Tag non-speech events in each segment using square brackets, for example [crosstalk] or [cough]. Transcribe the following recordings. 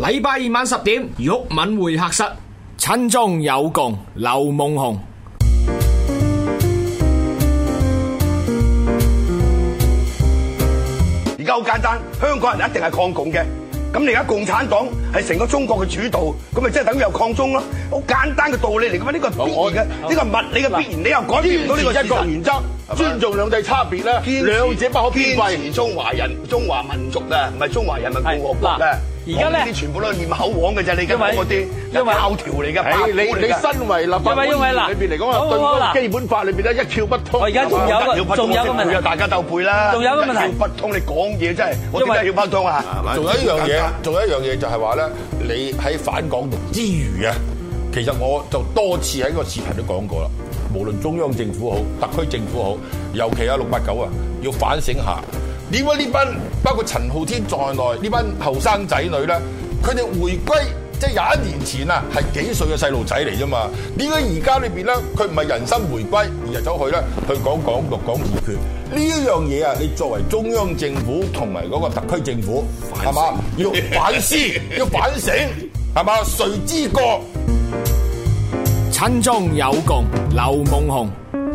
禮拜二晚十點，玉敏會客室。親中有共，劉夢紅。而家好簡單，香港人一定係抗共嘅。咁你而家共產黨係成個中國嘅主導，咁咪即係等於又抗中咯？好簡單嘅道理嚟嘅嘛。呢個必然嘅，呢個物理嘅必然，好你又改變唔到呢個一國原則，是是持尊重兩制差別啦，兩持者不可偏廢。中華人、中華民族嘅，唔係中華人民共和國嘅。是而家咧啲全部都係念口簧嘅啫，你而家嗰啲膠條嚟噶。你你身為立法會議員裏邊嚟講啊，對嗰個基本法裏邊咧一竅不通。而家仲有仲有個問大家鬥背啦。仲有一竅不通，你講嘢真係。我點解要不通啊！仲有一樣嘢，仲有一樣嘢就係話咧，你喺反港獨之餘啊，其實我就多次喺個視頻都講過啦。無論中央政府好，特區政府好，尤其啊六八九啊，要反省下。點解呢班包括陳浩天在內呢班後生仔女咧，佢哋回歸即係廿一年前啊，係幾歲嘅細路仔嚟啫嘛？點解而家呢邊咧，佢唔係人心回歸，而係走去咧去講港獨、講自決呢樣嘢啊？你作為中央政府同埋嗰個特區政府，係嘛省要反思、 [laughs] 要反省，係嘛？誰之過？親中有共，劉夢熊。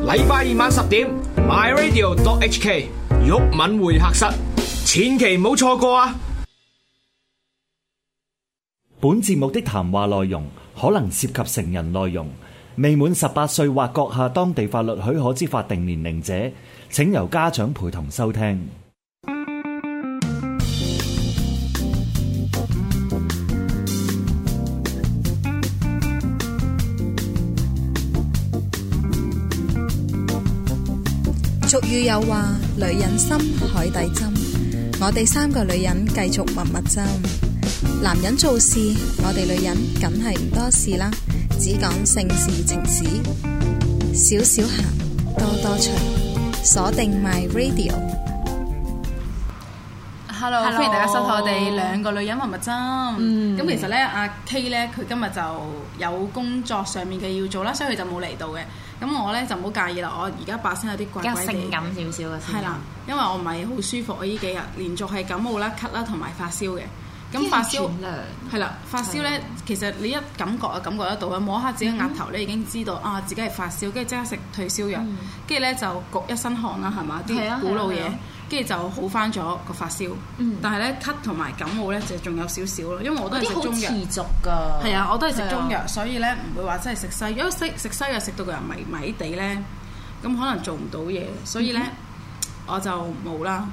禮拜二晚十點。MyRadio.HK 毓民會客室，千祈唔好錯過啊！本節目的談話內容可能涉及成人內容，未滿十八歲或閣下當地法律許可之法定年齡者，請由家長陪同收聽。要有話，女人心海底針，我哋三個女人繼續蜜蜜針。男人做事，我哋女人梗係唔多事啦，只講性事情史，少少行，多多趣，鎖定 My Radio。hello，歡迎大家收睇我哋兩個女人密密針。咁其實咧，阿 K 咧，佢今日就有工作上面嘅要做啦，所以佢就冇嚟到嘅。咁我咧就唔好介意啦。我而家把聲有啲怪怪地，比較性感少少嘅。係啦，因為我唔係好舒服，我呢幾日連續係感冒啦、咳啦同埋發燒嘅。咁發燒係啦，發燒咧，其實你一感覺啊，感覺得到啊，摸下自己額頭咧，已經知道啊，自己係發燒，跟住即刻食退燒藥，跟住咧就焗一身汗啦，係嘛？啲古老嘢。跟住就好翻咗個發燒，嗯、但係咧咳同埋感冒咧就仲有少少咯，因為我都係食中藥，啲好持續噶，係啊，我都係食中藥，啊、所以咧唔會話真係食西，因為食食西藥食到個人迷迷地咧，咁可能做唔到嘢，所以咧、嗯、我就冇啦。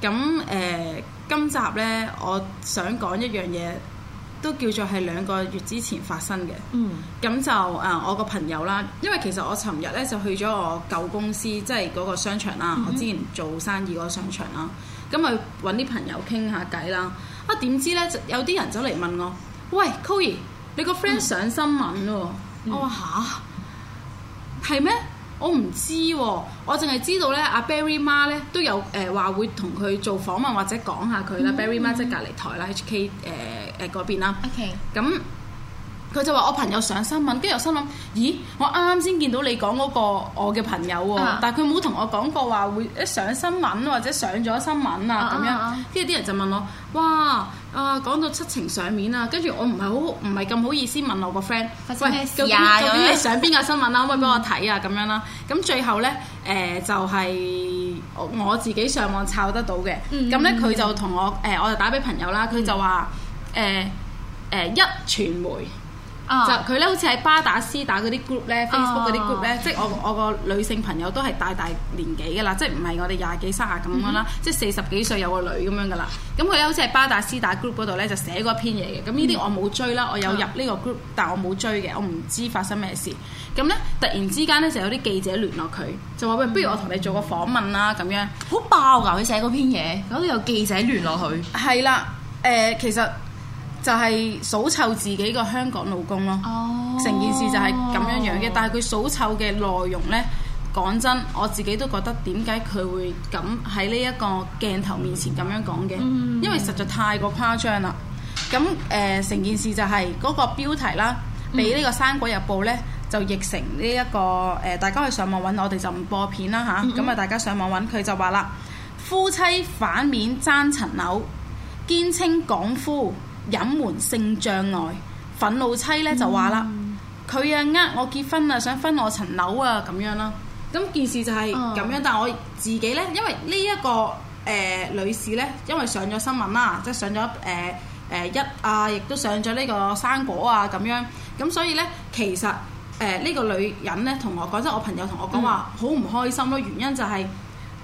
咁誒、呃，今集咧我想講一樣嘢。都叫做係兩個月之前發生嘅，咁、嗯、就誒、嗯、我個朋友啦，因為其實我尋日咧就去咗我舊公司，即係嗰個商場啦，嗯、哼我之前做生意嗰個商場啦，咁啊搵啲朋友傾下偈啦，啊點知咧有啲人走嚟問我，喂，Koy，你個 friend 上新聞喎、啊，嗯、我話吓，係咩？我唔知喎、啊，我淨係知道咧，阿 Berry 媽咧都有誒話、呃、會同佢做訪問或者講下佢啦。嗯、Berry 媽即係隔離台啦，HK 誒誒嗰邊啦。OK，咁、嗯。佢就話：我朋友上新聞，跟住我心諗，咦？我啱啱先見到你講嗰個我嘅朋友喎，但係佢冇同我講過話會一上新聞或者上咗新聞啊咁樣。跟住啲人就問我：哇啊，講到七情上面啊，跟住我唔係好唔係咁好意思問我個 friend，喂，究竟你上邊個新聞啊？可唔可以俾我睇啊？咁樣啦。咁最後咧，誒就係我自己上網抄得到嘅。咁咧，佢就同我誒，我就打俾朋友啦。佢就話誒誒壹傳媒。就佢咧，好似喺巴打斯打嗰啲 group 咧，Facebook 嗰啲 group 咧，即係我我個女性朋友都係大大年紀嘅啦，即係唔係我哋廿幾卅咁樣啦，即係四十幾歲有個女咁樣嘅啦。咁佢咧，好似喺巴打斯打 group 嗰度咧，就寫過篇嘢嘅。咁呢啲我冇追啦，我有入呢個 group，但我冇追嘅，我唔知發生咩事。咁咧突然之間咧，就有啲記者聯絡佢，就話喂，不如我同你做個訪問啦咁樣。好爆噶，佢寫過篇嘢，嗰啲有記者聯絡佢。係啦，誒是、呃、其實。就係數湊自己個香港老公咯，成、oh, 件事就係咁樣樣嘅。Oh. 但係佢數湊嘅內容呢，講真我自己都覺得點解佢會咁喺呢一個鏡頭面前咁樣講嘅？Mm hmm. 因為實在太過誇張啦。咁誒，成、呃、件事就係、是、嗰、那個標題啦，俾呢、mm hmm. 這個《山果日報》呢，就譯成呢、這、一個誒、呃，大家去上網揾我哋就唔播片啦吓，咁啊，mm hmm. 大家上網揾佢就話啦，夫妻反面爭層樓，堅稱港夫。隱瞞性障礙，憤怒妻咧就話啦，佢、嗯、啊呃我結婚啊，想分我層樓啊，咁樣啦。咁件事就係咁樣，嗯、但係我自己咧，因為呢、這、一個誒、呃、女士咧，因為上咗新聞啦，即係上咗誒誒一啊，亦都上咗呢個生果啊，咁樣。咁所以咧，其實誒呢、呃這個女人咧，同我講真，就是、我朋友同我講話好唔開心咯，原因就係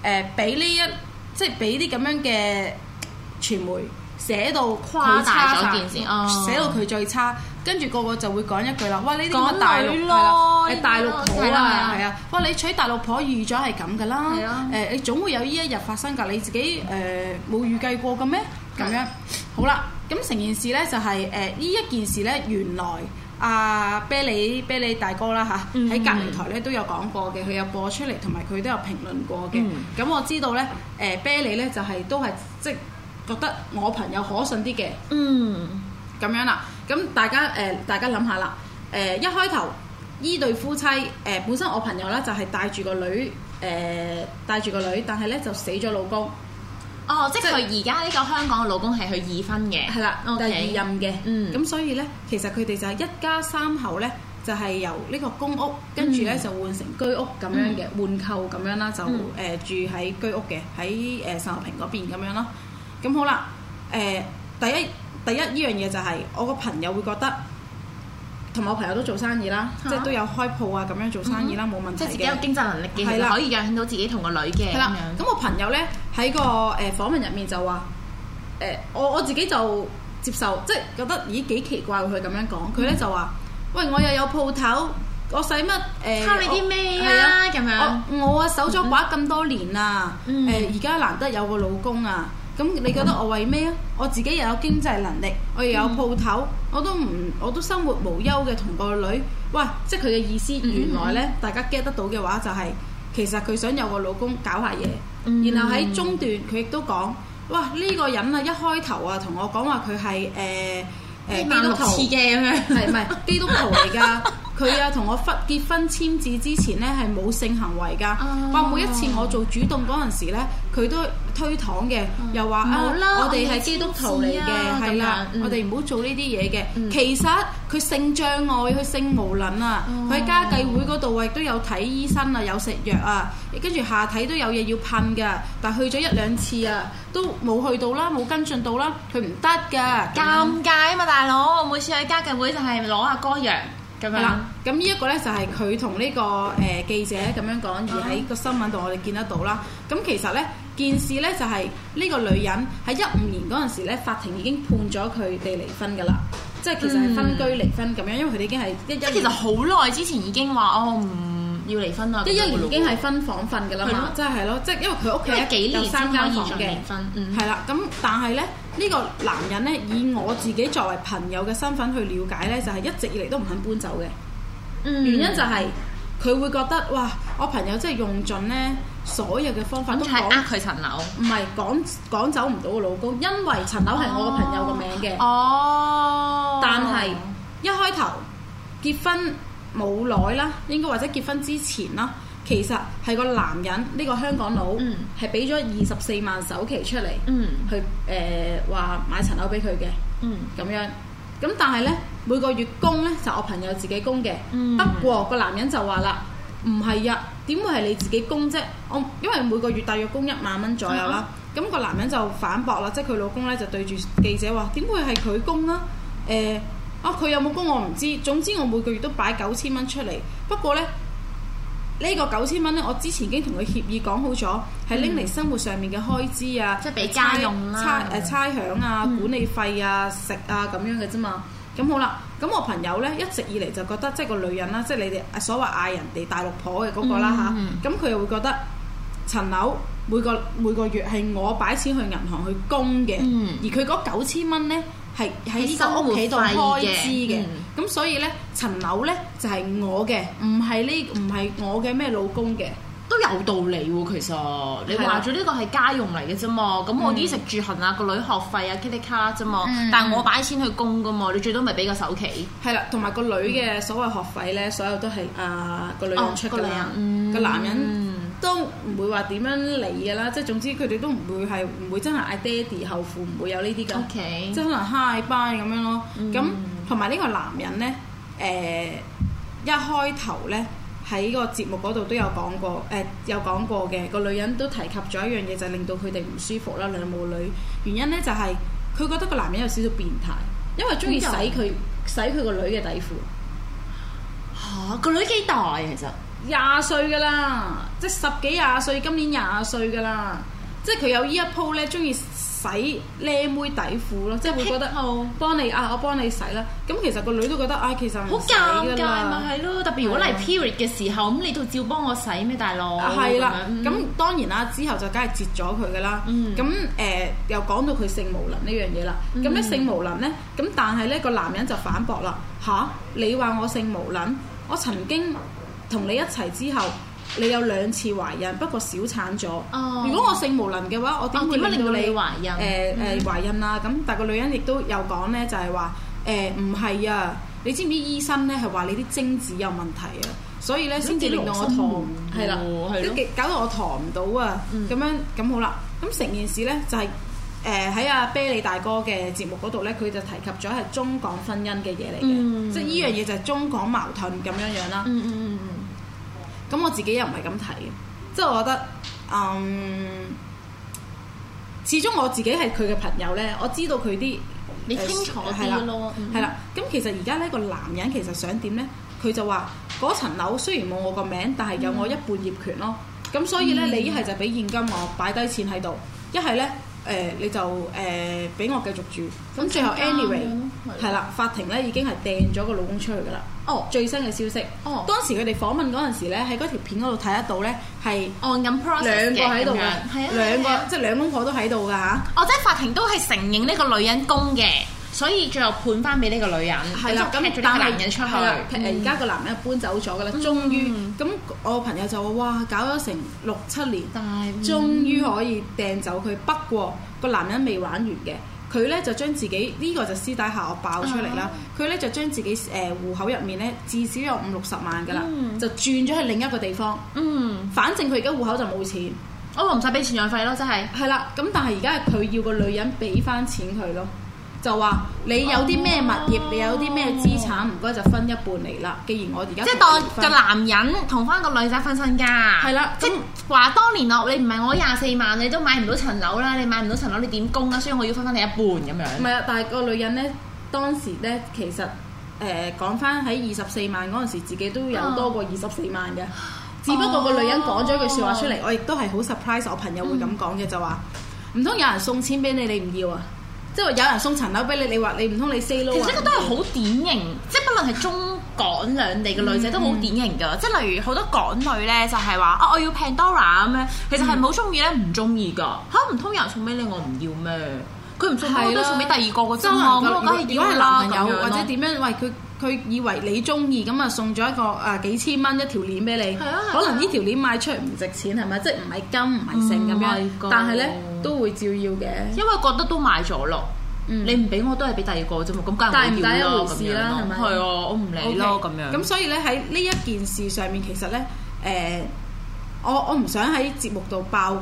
誒俾呢一即係俾啲咁樣嘅傳媒。寫到誇大咗件事，寫到佢最差，跟住個個就會講一句啦，喂，你啲講大陸係啦，大陸婆啦，係啊！哇！你娶大陸婆預咗係咁噶啦，誒，你總會有呢一日發生㗎，你自己誒冇預計過嘅咩？咁樣好啦，咁成件事咧就係誒依一件事呢一件事咧，原來阿啤梨啤梨大哥啦嚇，喺隔離台咧都有講過嘅，佢有播出嚟，同埋佢都有評論過嘅。咁我知道咧，誒啤梨咧就係都係即。覺得我朋友可信啲嘅，嗯，咁樣啦，咁大家誒，大家諗下啦，誒一開頭呢對夫妻誒，本身我朋友咧就係帶住個女誒，帶住個女，但係咧就死咗老公。哦，即係佢而家呢個香港嘅老公係去二婚嘅，係啦，第二任嘅，嗯，咁所以咧，其實佢哋就係一家三口咧，就係由呢個公屋跟住咧就換成居屋咁樣嘅換購咁樣啦，就誒住喺居屋嘅喺誒順和平嗰邊咁樣咯。咁好啦，誒，第一第一呢樣嘢就係我個朋友會覺得，同我朋友都做生意啦，即係都有開鋪啊，咁樣做生意啦，冇問題，即係自己有經濟能力嘅，係啦，可以養到自己同個女嘅。係啦，咁我朋友咧喺個誒訪問入面就話誒，我我自己就接受，即係覺得咦，幾奇怪佢咁樣講。佢咧就話喂，我又有鋪頭，我使乜誒差你啲咩啊？咁樣我啊守咗寡咁多年啦，誒而家難得有個老公啊。咁你覺得我為咩啊？我自己又有經濟能力，我又有鋪頭，嗯、我都唔，我都生活無憂嘅同個女。哇！即係佢嘅意思，原來呢，嗯、大家 get 得到嘅話，就係，就係其實佢想有個老公搞下嘢，然後喺中段佢亦都講，嗯、哇！呢、呢個人啊，一開頭啊，同我講話佢係誒誒基督徒嘅咁樣，係唔係基督徒嚟㗎？ [laughs] 是 [laughs] 佢啊，同我婚結婚簽字之前呢，係冇性行為噶。哇、哦，每一次我做主動嗰陣時咧，佢都推搪嘅，又話啊，我哋係基督徒嚟嘅，係啦，我哋唔好做呢啲嘢嘅。嗯、其實佢性障礙，佢性無能啊。佢喺、嗯、家計會嗰度，我亦都有睇醫生啊，有食藥啊，跟住下體都有嘢要噴嘅。但去咗一兩次啊，都冇去到啦，冇跟進到啦，佢唔得㗎，嗯、尷尬啊嘛，大佬，每次喺家計會就係攞下膏藥。係啦，咁呢一個咧就係佢同呢個誒、呃、記者咁樣講，啊、而喺個新聞度我哋見得到啦。咁其實咧，件事咧就係呢個女人喺一五年嗰陣時咧，法庭已經判咗佢哋離婚㗎啦。即係其實係分居離婚咁樣，嗯、因為佢哋已經係一一其實好耐之前已經話哦唔。嗯要離婚啦！即一年已經係分房瞓㗎啦嘛，真係係咯，即係因為佢屋企有幾年三間房嘅，係啦。咁但係咧，呢個男人咧，以我自己作為朋友嘅身份去了解咧，就係一直以嚟都唔肯搬走嘅。嗯，原因就係佢會覺得哇，我朋友真係用盡咧所有嘅方法都係呃佢層樓，唔係講講走唔到個老公，因為層樓係我個朋友個名嘅。哦，但係一開頭結婚。冇耐啦，應該或者結婚之前啦，其實係個男人呢、呢個香港佬係俾咗二十四萬首期出嚟，嗯、去誒話、呃、買層樓俾佢嘅，咁、嗯、樣。咁但係呢，每個月供呢，就係、我朋友自己供嘅，不過、嗯個男人就話啦，唔係呀，點會係你自己供啫？我因為每個月大約供一萬蚊左右啦。咁、嗯啊、個男人就反駁啦，即係佢老公呢，就對住記者話，點會係佢供呢？呃，誒。哦，佢有冇供我唔知，總之我每個月都擺九千蚊出嚟。不過呢，呢、呢個九千蚊呢，我之前已經同佢協議講好咗，係拎嚟生活上面嘅開支啊，即係俾家用啦，差誒差餉啊，呃啊嗯、管理費啊，食啊咁樣嘅啫嘛。咁好啦，咁我朋友呢，一直以嚟就覺得即係個女人啦，即係你哋所謂嗌人哋大陸婆嘅嗰、嗰個啦吓，咁佢、嗯啊、又會覺得層樓每個每個月係我擺錢去銀行去供嘅，嗯、而佢嗰九千蚊呢，係喺呢個屋企度開支嘅，咁、嗯、所以咧層樓咧就係、是、我嘅，唔係呢唔係我嘅咩老公嘅。都有道理喎、哦，其實你話咗呢個係家用嚟嘅啫嘛，咁是、啊、我啲食住行啊，個女學費啊，kitty 卡啫嘛，嗯、但係我擺錢去供嘅嘛，你最多咪俾個首期。係啦，同埋個女嘅所謂學費咧，所有都係啊個女人出嘅，個男人都唔會話點樣理嘅啦，即係總之佢哋都唔會係唔會真係嗌爹哋後父，唔會有呢啲嘅，即係可能 hi bye 咁樣咯。咁同埋呢個男人咧，誒一開頭咧。喺個節目嗰度都有講過，誒、呃、有講過嘅、那個女人都提及咗一樣嘢，就係、是、令到佢哋唔舒服啦，兩母女。原因呢，就係、是、佢覺得個男人有少少變態，因為中意洗佢洗佢個女嘅底褲。吓個女幾大啊？其實廿歲噶啦，即係十幾廿歲，今年廿歲噶啦，即係佢有呢一鋪呢中意。洗靚妹底褲咯，即係會覺得哦，幫你我啊，我幫你洗啦。咁其實個女都覺得啊、哎，其實好尷尬咪係咯。特別如果你係 period 嘅時候，咁、嗯、你都照幫我洗咩，大佬？係啦、啊，咁、嗯、當然啦，之後就梗係截咗佢噶啦。咁誒、嗯呃、又講到佢性無能呢樣嘢啦。咁咧性無能咧，咁但係咧個男人就反駁啦吓？你話我性無能，我曾經同你一齊之後。你有兩次懷孕，不過小產咗。哦，oh. 如果我性無能嘅話，我點點樣令到你懷孕？誒誒、呃呃、懷孕啦、啊，咁、mm hmm. 但個女人亦都有講咧，就係話誒唔係啊！你知唔知醫生咧係話你啲精子有問題啊？所以咧先至令到我陀啦，都搞到我陀唔到啊！咁、啊 mm hmm. 樣咁好啦，咁成件事咧就係誒喺阿啤利大哥嘅節目嗰度咧，佢就提及咗係中港婚姻嘅嘢嚟嘅，即係呢樣嘢就係中港矛盾咁樣樣啦。嗯嗯嗯嗯。Hmm. Mm hmm. 咁我自己又唔係咁睇，即係我覺得，嗯，始終我自己係佢嘅朋友呢，我知道佢啲，你清楚啲咯，係啦。咁其實而家呢個男人其實想點呢？佢就話嗰層樓雖然冇我個名，但係有我一半業權咯。咁、嗯、所以呢，嗯、你一係就俾現金我擺低錢喺度，一係呢。誒、呃、你就誒俾我繼續住，咁最後、啊、anyway 係啦，法庭咧已經係掟咗個老公出去㗎啦。哦，最新嘅消息。哦，當時佢哋訪問嗰陣時咧，喺嗰條片嗰度睇得到咧，係 in process 嘅，兩個喺度嘅，兩個即係兩公婆都喺度㗎嚇。哦，即係法庭都係承認呢個女人公嘅。所以最後判翻俾呢個女人，係啦咁，踢走個男人出去啦，但係而家個男人搬走咗噶啦，終於咁我朋友就話：哇，搞咗成六七年，終於可以掟走佢。不過個男人未玩完嘅，佢咧就將自己呢個就私底下我爆出嚟啦。佢咧就將自己誒戶口入面咧至少有五六十萬噶啦，就轉咗去另一個地方。嗯，反正佢而家戶口就冇錢，我話唔使俾錢養費咯，真係係啦。咁但係而家佢要個女人俾翻錢佢咯。就話你有啲咩物業，oh. 你有啲咩資產，唔該就分一半嚟啦。既然我而家即係當個男人同翻個女仔分身家，係啦，即係話當年落，你唔係我廿四萬，你都買唔到層樓啦，你買唔到層樓你點供啊？所以我要分翻你一半咁樣。唔係啊，但係個女人呢，當時呢，其實誒講翻喺二十四萬嗰陣時，自己都有多過二十四萬嘅。Oh. 只不過個女人講咗一句説話出嚟，oh. Oh. 我亦都係好 surprise。我朋友會咁講嘅就話，唔通有人送錢俾你你唔要啊？即係話有人送層樓俾你，你話你唔通你 say no 啊？其實呢個都係好典型，即係、嗯、不論係中港兩地嘅女仔都好典型㗎。嗯、即係例如好多港女咧，就係話啊，我要 Pandora 咁樣，其實係好中意咧，唔中意㗎嚇。唔通、嗯、有人送俾你，我唔要咩？佢唔送，都送俾第二個嘅啫嘛。如果係男朋友或者點樣，喂，佢佢以為你中意，咁啊送咗一個誒幾千蚊一條鏈俾你。可能呢條鏈賣出去唔值錢係咪？即係唔係金唔係成咁樣。但係咧都會照要嘅。因為覺得都買咗咯，你唔俾我都係俾第二個啫嘛。咁梗係唔係一回事啦？係咪？係啊，我唔理咯咁樣。咁所以咧喺呢一件事上面，其實咧誒，我我唔想喺節目度爆。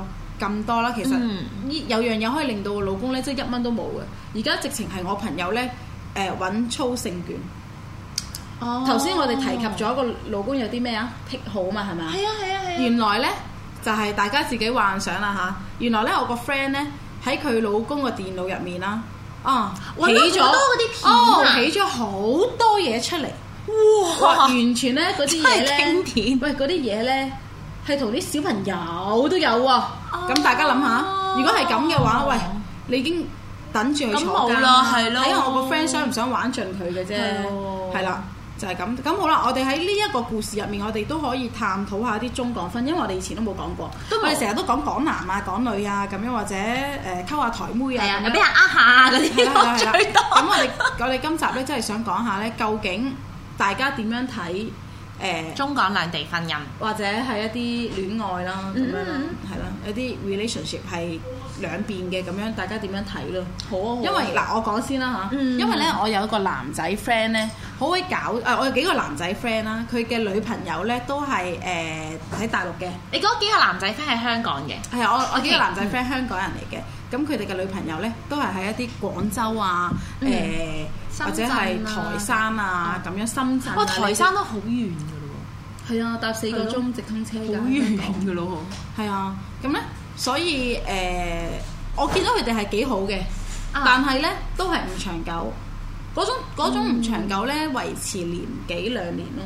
咁多啦，其實呢有樣嘢可以令到我老公咧，即係一蚊都冇嘅。而家直情係我朋友咧，誒揾粗性卷。哦，頭先我哋提及咗個老公有啲咩啊癖好啊嘛，係咪啊？係啊係啊係。原來咧就係大家自己幻想啦嚇。原來咧我個 friend 咧喺佢老公個電腦入面啦，啊起咗哦起咗好多嘢出嚟，哇完全咧嗰啲嘢咧，唔係嗰啲嘢咧，係同啲小朋友都有喎。咁大家諗下，如果係咁嘅話，喂，你已經等住去坐監啦，係咯，因為我個 friend 想唔想玩盡佢嘅啫，係啦，就係咁。咁好啦，我哋喺呢一個故事入面，我哋都可以探討下啲中港婚，因為我哋以前都冇講過，我哋成日都講港男啊、港女啊咁樣，或者誒溝下台妹啊，又俾人呃下嗰啲最多。咁我哋我哋今集咧，真係想講下咧，究竟大家點樣睇？誒中港兩地婚姻，或者係一啲戀愛啦，咁樣啦，係啦，有啲 relationship 係兩邊嘅咁樣，大家點樣睇咯？好啊，因為嗱，我講先啦吓，因為咧我有一個男仔 friend 咧，好鬼搞，誒我有幾個男仔 friend 啦，佢嘅女朋友咧都係誒喺大陸嘅。你嗰幾個男仔 friend 係香港嘅？係啊，我我幾個男仔 friend 香港人嚟嘅，咁佢哋嘅女朋友咧都係喺一啲廣州啊，誒或者係台山啊咁樣深圳。哇！台山都好遠。係 [music] 啊，搭四個鐘直通車噶，好遠噶咯嗬。係啊，咁咧，所以誒、呃，我見到佢哋係幾好嘅，啊、但係咧都係唔長久，嗰種唔長久咧、嗯、維持年幾兩年咯。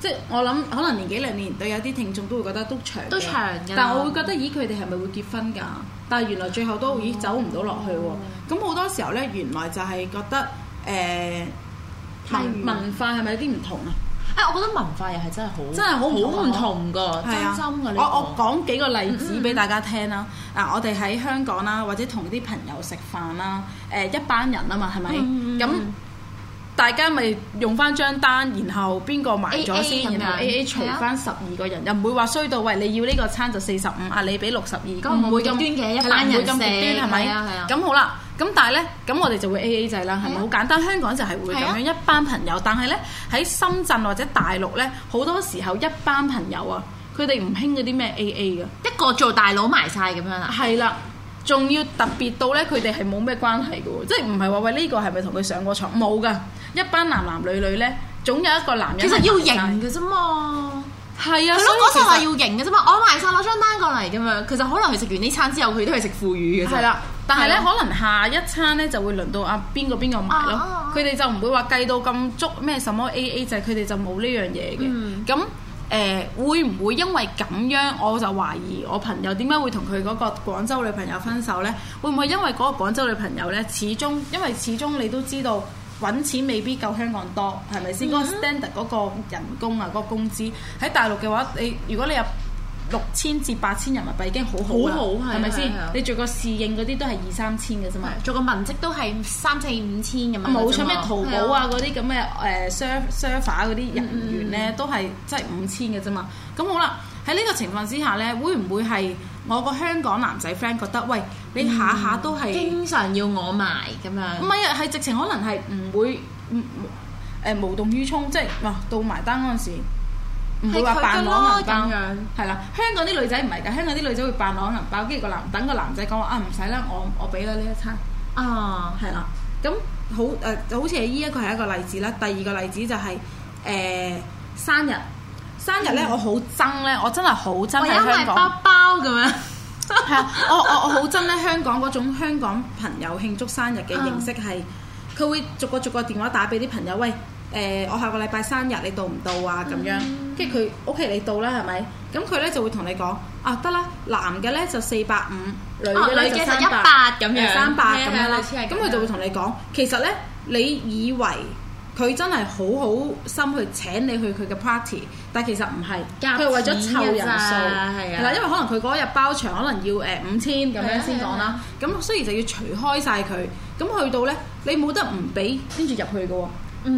即、就、係、是、我諗可能年幾兩年對有啲聽眾都會覺得都長，都長嘅。但係我會覺得咦，佢哋係咪會結婚㗎？但係原來最後都、哦、咦走唔到落去喎。咁好、嗯、多時候咧，原來就係覺得誒、呃，文文化係咪有啲唔同啊？誒，我覺得文化又係真係好，真係好唔同嘅，係啊，我我講幾個例子俾大家聽啦。啊，我哋喺香港啦，或者同啲朋友食飯啦，誒，一班人啊嘛，係咪？咁大家咪用翻張單，然後邊個埋咗先，然後 A A 除翻十二個人，又唔會話衰到喂，你要呢個餐就四十五啊，你俾六十二，咁唔會咁端嘅，一班人會咁端，係咪？咁好啦。咁但係咧，咁我哋就會 A A 制啦，係咪？好簡單，香港就係會咁樣一班朋友，但係咧喺深圳或者大陸咧，好多時候一班朋友啊，佢哋唔興嗰啲咩 A A 嘅，一個做大佬埋晒咁樣啊，係啦，仲要特別到咧，佢哋係冇咩關係㗎喎，即係唔係話喂呢個係咪同佢上過床？冇噶，一班男男女女咧，總有一個男人。其實要型㗎啫嘛。係啊，所以其實話要贏嘅啫嘛，我買晒攞張單過嚟嘅嘛，其實可能佢食完呢餐之後，佢都係食腐乳嘅。係啦，但係咧了可能下一餐咧就會輪到邊個邊個啊，啊，啊，啊，邊個邊個買咯，佢哋就唔會話計到咁足咩什麼 A A 制，佢哋就冇呢樣嘢嘅。咁誒、欸、會唔會因為咁樣，我就懷疑我朋友點解會同佢嗰個廣州女朋友分手咧？會唔會因為嗰個廣州女朋友咧，始終因為始終你都知道。揾錢未必夠香港多，係咪先？嗰、嗯、喲 個 standard 嗰個人工啊，嗰、嗰個工資喺大陸嘅話，你如果你有六千至八千人民幣已經好好好、啊，係咪先？啊啊、你做個侍應嗰啲都係二三千嘅啫嘛，做個文職都係三四五千咁嘛。冇錯咩淘寶啊嗰啲咁嘅誒 ser、啊呃、server 嗰啲人員咧都係即係五千嘅啫嘛。咁、嗯、好啦，喺呢個情況之下咧，會唔會係？我個香港男仔 friend 覺得，喂，你下下都係、嗯、經常要我埋咁樣，唔係啊，係直情可能係唔會唔唔誒無動於衷，即係哇到埋單嗰陣時，唔會話扮攞銀包，係啦，香港啲女仔唔係㗎，香港啲女仔會扮攞銀包，跟住個男等個男仔講話啊唔使、啊、啦，我我俾你呢一餐啊，係啦，咁好誒，好似係依一個係一個例子啦，第二個例子就係、是、誒、呃、生日。生日咧，我好憎咧，我真係好憎喺香港。包包咁樣， [laughs] 樣，係啊，我我我好憎咧，香港嗰種香港朋友慶祝生日嘅形式係，佢、嗯、會逐個逐個電話打俾啲朋友，喂，誒、呃，我下個禮拜生日，你到唔到啊？咁、嗯、樣，跟住佢屋企你到啦，係咪？咁佢咧就會同你講，啊，得啦，男嘅咧就四百五，女嘅、哦、就三百，樣、啊、一百，三百咁樣啦。咁佢就會同你講，其實咧，你以為？佢真係好好心去請你去佢嘅 party，但其實唔係，佢係為咗湊人數，係啊，因為可能佢嗰日包場可能要誒五千咁樣先講啦，咁雖然就要除開晒佢，咁去到呢，你冇得唔俾跟住入去嘅喎，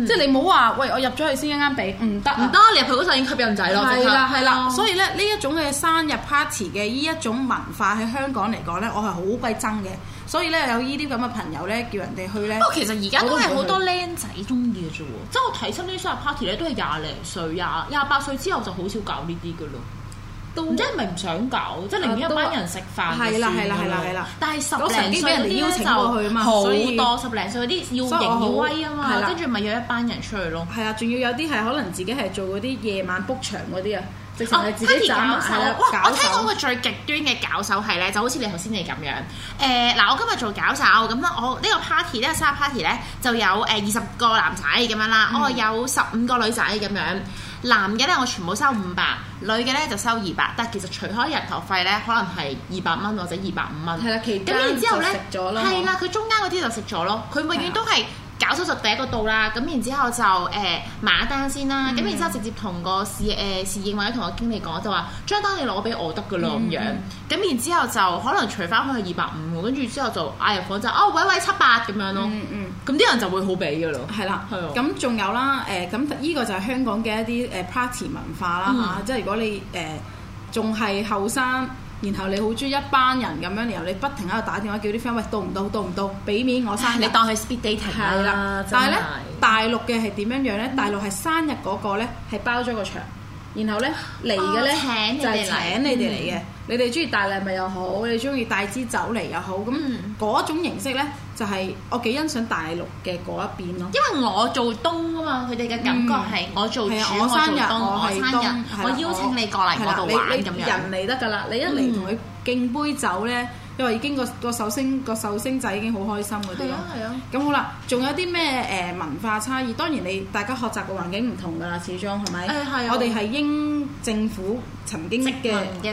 即係你冇話，喂，我入咗去先一啱俾，唔得，唔得，你入去嗰陣已經吸引人仔咯，係啦係啦，所以咧呢一種嘅生日 party 嘅呢一種文化喺香港嚟講呢，我係好鬼憎嘅。所以咧有呢啲咁嘅朋友咧，叫人哋去咧。不過其實而家都係好多靚仔中意嘅啫喎，即係我睇身邊生日 party 咧都係廿零歲、廿廿八歲之後就好少搞呢啲嘅咯。都即係係咪唔想搞？啊、即係寧願一班人食飯。係啦係啦係啦係啦。但係十零歲嗰啲咧就好多，啊、十零歲嗰啲要型要威啊嘛，跟住咪約一班人出去咯。係啊，仲要有啲係可能自己係做嗰啲夜晚 book 場嗰啲啊。哦、party 搞手，哇！搞手？我聽講佢最極端嘅搞手係咧，就好似你頭先你咁樣。誒，嗱，我今日做搞手咁啦，我呢個 party 咧生日 party 咧就有誒二十個男仔咁樣啦，嗯、我有十五個女仔咁樣。男嘅咧我全部收五百，女嘅咧就收二百。但係其實除開人頭費咧，可能係二百蚊或者二百五蚊。係啦，其他就食咗咯。係啦，佢中間嗰啲就食咗咯。佢永遠都係。搞手就第一個度啦，咁然之後就誒買單先啦，咁然之後直接同個侍誒侍應或者同個經理講就話張單你攞俾我得嘅咯咁樣，咁然之後就可能除翻去二百五，跟住之後就嗌入房就哦位位七八咁樣咯，咁啲人就會好俾嘅咯，係啦，係啊，咁仲有啦誒咁呢個就係香港嘅一啲誒 party 文化啦嚇，嗯、即係如果你誒仲係後生。呃然後你好中意一班人咁樣，然後你不停喺度打電話叫啲 friend 喂，到唔到到唔到，俾面我生日， [music] 你當佢 speed dating 啦，啊。但係咧大陸嘅係點樣樣咧？大陸係生日嗰個咧係包咗個場，然後咧嚟嘅咧請就係請你哋嚟嘅。你哋中意帶禮物又好，你中意帶支酒嚟又好，咁嗰種形式咧就係我幾欣賞大陸嘅嗰一邊咯。因為我做東啊嘛，佢哋嘅感覺係我做主，我做東，我生日，我邀請你過嚟我度玩咁樣。你人嚟得㗎啦，你一嚟同佢敬杯酒咧，因為已經個個壽星個壽星仔已經好開心嗰啲咯。係啊係啊。咁好啦，仲有啲咩誒文化差異？當然你大家學習嘅環境唔同㗎啦，始終係咪？誒係啊。我哋係英。政府曾經嘅